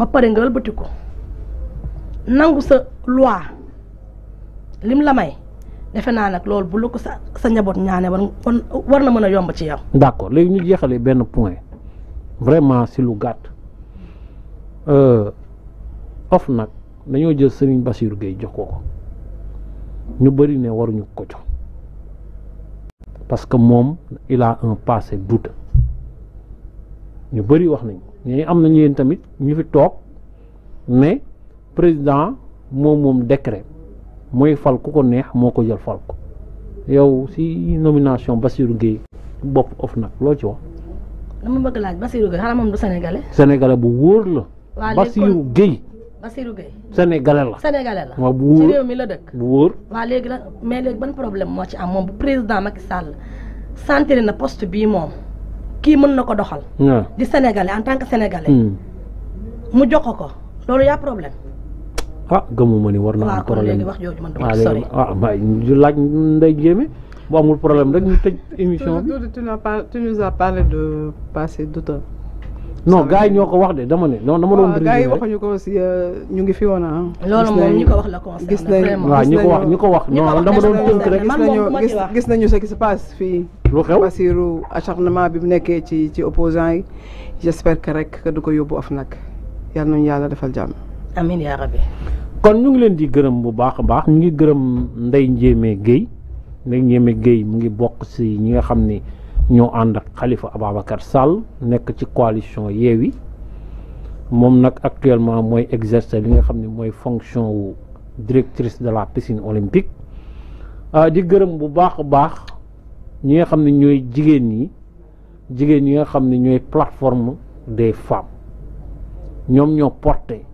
[SPEAKER 2] ba pare nga wëlbati ko nangu sa loi lim la may defe naa nag loolu bu lu ko sa sa njaboot ñaane war na mën a yomb ci yow.
[SPEAKER 1] d'accord léegi ñu jeexalee benn point vraiment si lu gàtt euh, of nag dañoo jël Serigne Bassirou Gueye jox ko ñu bëri ne waruñu ko jox parce que moom il a un passé douteux ñu bëri wax nañu. mais am nañu yéen tamit ñu fi toog ne président moom moom décret mooy fal ku ko neex moo ko jël fal ko yow si nomination Bassirou Guèye bopp of nag loo ci wax.
[SPEAKER 2] dama bëgg laaj Bassirou Guèye xanaa moom du sénégalais.
[SPEAKER 1] sénégalais bu wóor la. waaw Bassirou Guèye. Bassirou Guèye. sénégalais la sénégalais la. waaw bu wóor ci réew mi la dëkk. bu wóor.
[SPEAKER 2] waaw léegi la mais léegi ban problème moo ci am moom bu président Macky Sall sentir na poste bii moom. kii mën na ko doxal. di sénégalais en tant que sénégalais. Hmm. mu jox ko ko loolu yaa problème.
[SPEAKER 1] ah gëmuma ni war na am problème wax
[SPEAKER 4] jooju
[SPEAKER 2] man dama ah, sori
[SPEAKER 1] ah, laaj nday jéeme bu amul problème rek ñu tëj émission bi. tu nous as parlé de passé d'auteur. non gars yi ñoo ko wax de dama ne dama doon. Ah, gars yi
[SPEAKER 4] waxuñu ko aussi euh, ñu ngi fi ah.
[SPEAKER 1] loolu moom ñi ko wax la concerne vraiment waaw ñi ko wax ñi ko wax non dama doon tënk rek. gis nañu
[SPEAKER 4] gis nañu ce qui se passe fii. lu xew Bassirou acharnement bi mu nekkee ci ci opposants yi j'espère que rek du ko yóbbu af nag yal nañu yàlla defal jàmm. amiin yaa rabbi.
[SPEAKER 1] kon ñu ngi leen di gërëm bu baax a baax ñu ngi gërëm nday Ndiémé géey Ndeye Ndiémé géey mu ngi bokk si ñi nga xam ni ñoo ànd ak Khalifa Ababacar Sall nekk ci coalition yi moom nag actuellement mooy exercer li nga xam ne mooy fonction wu directrice de la piscine olympique ah, di gërëm bu baax a baax ñi nga xam ne ñooy jigéen ñi jigéen ñi nga xam ne ñooy plateforme des femmes ñoom ñoo porte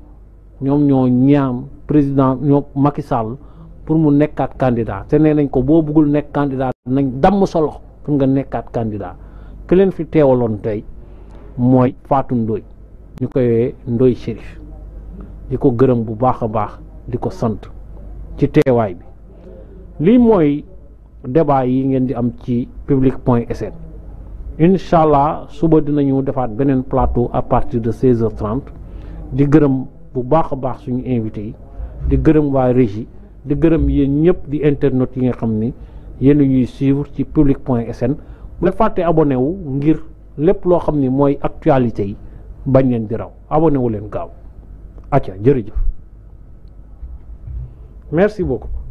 [SPEAKER 1] ñoom ñoo ñaam président ñoo Macky Sall pour mu nekkaat candidat te nee nañ ko boo bëggul nekk candidat nañ damm solo pour nga nekkat candidat ki len fi teewaloon tay moy Fatou ndoy ñu koy woowee Ndoye Chérif di bu baaxa baax di sante sant ci wai. bi li moy débat yi ngeen di am ci public point allah suba dinañu defaat benen plateau à partir de 16h30 di gëreum bu baaxa baax suñu invité di gëreum wai régie di gëreum yeen ñëpp di internet yi nga xamni yéen ñuy suivre ci public point sn bu fàtte abonné wu ngir lépp loo xam ni mooy actualité yi bañ leen di raw abonné wu leen gaaw acca jërëjëf merci beaucoup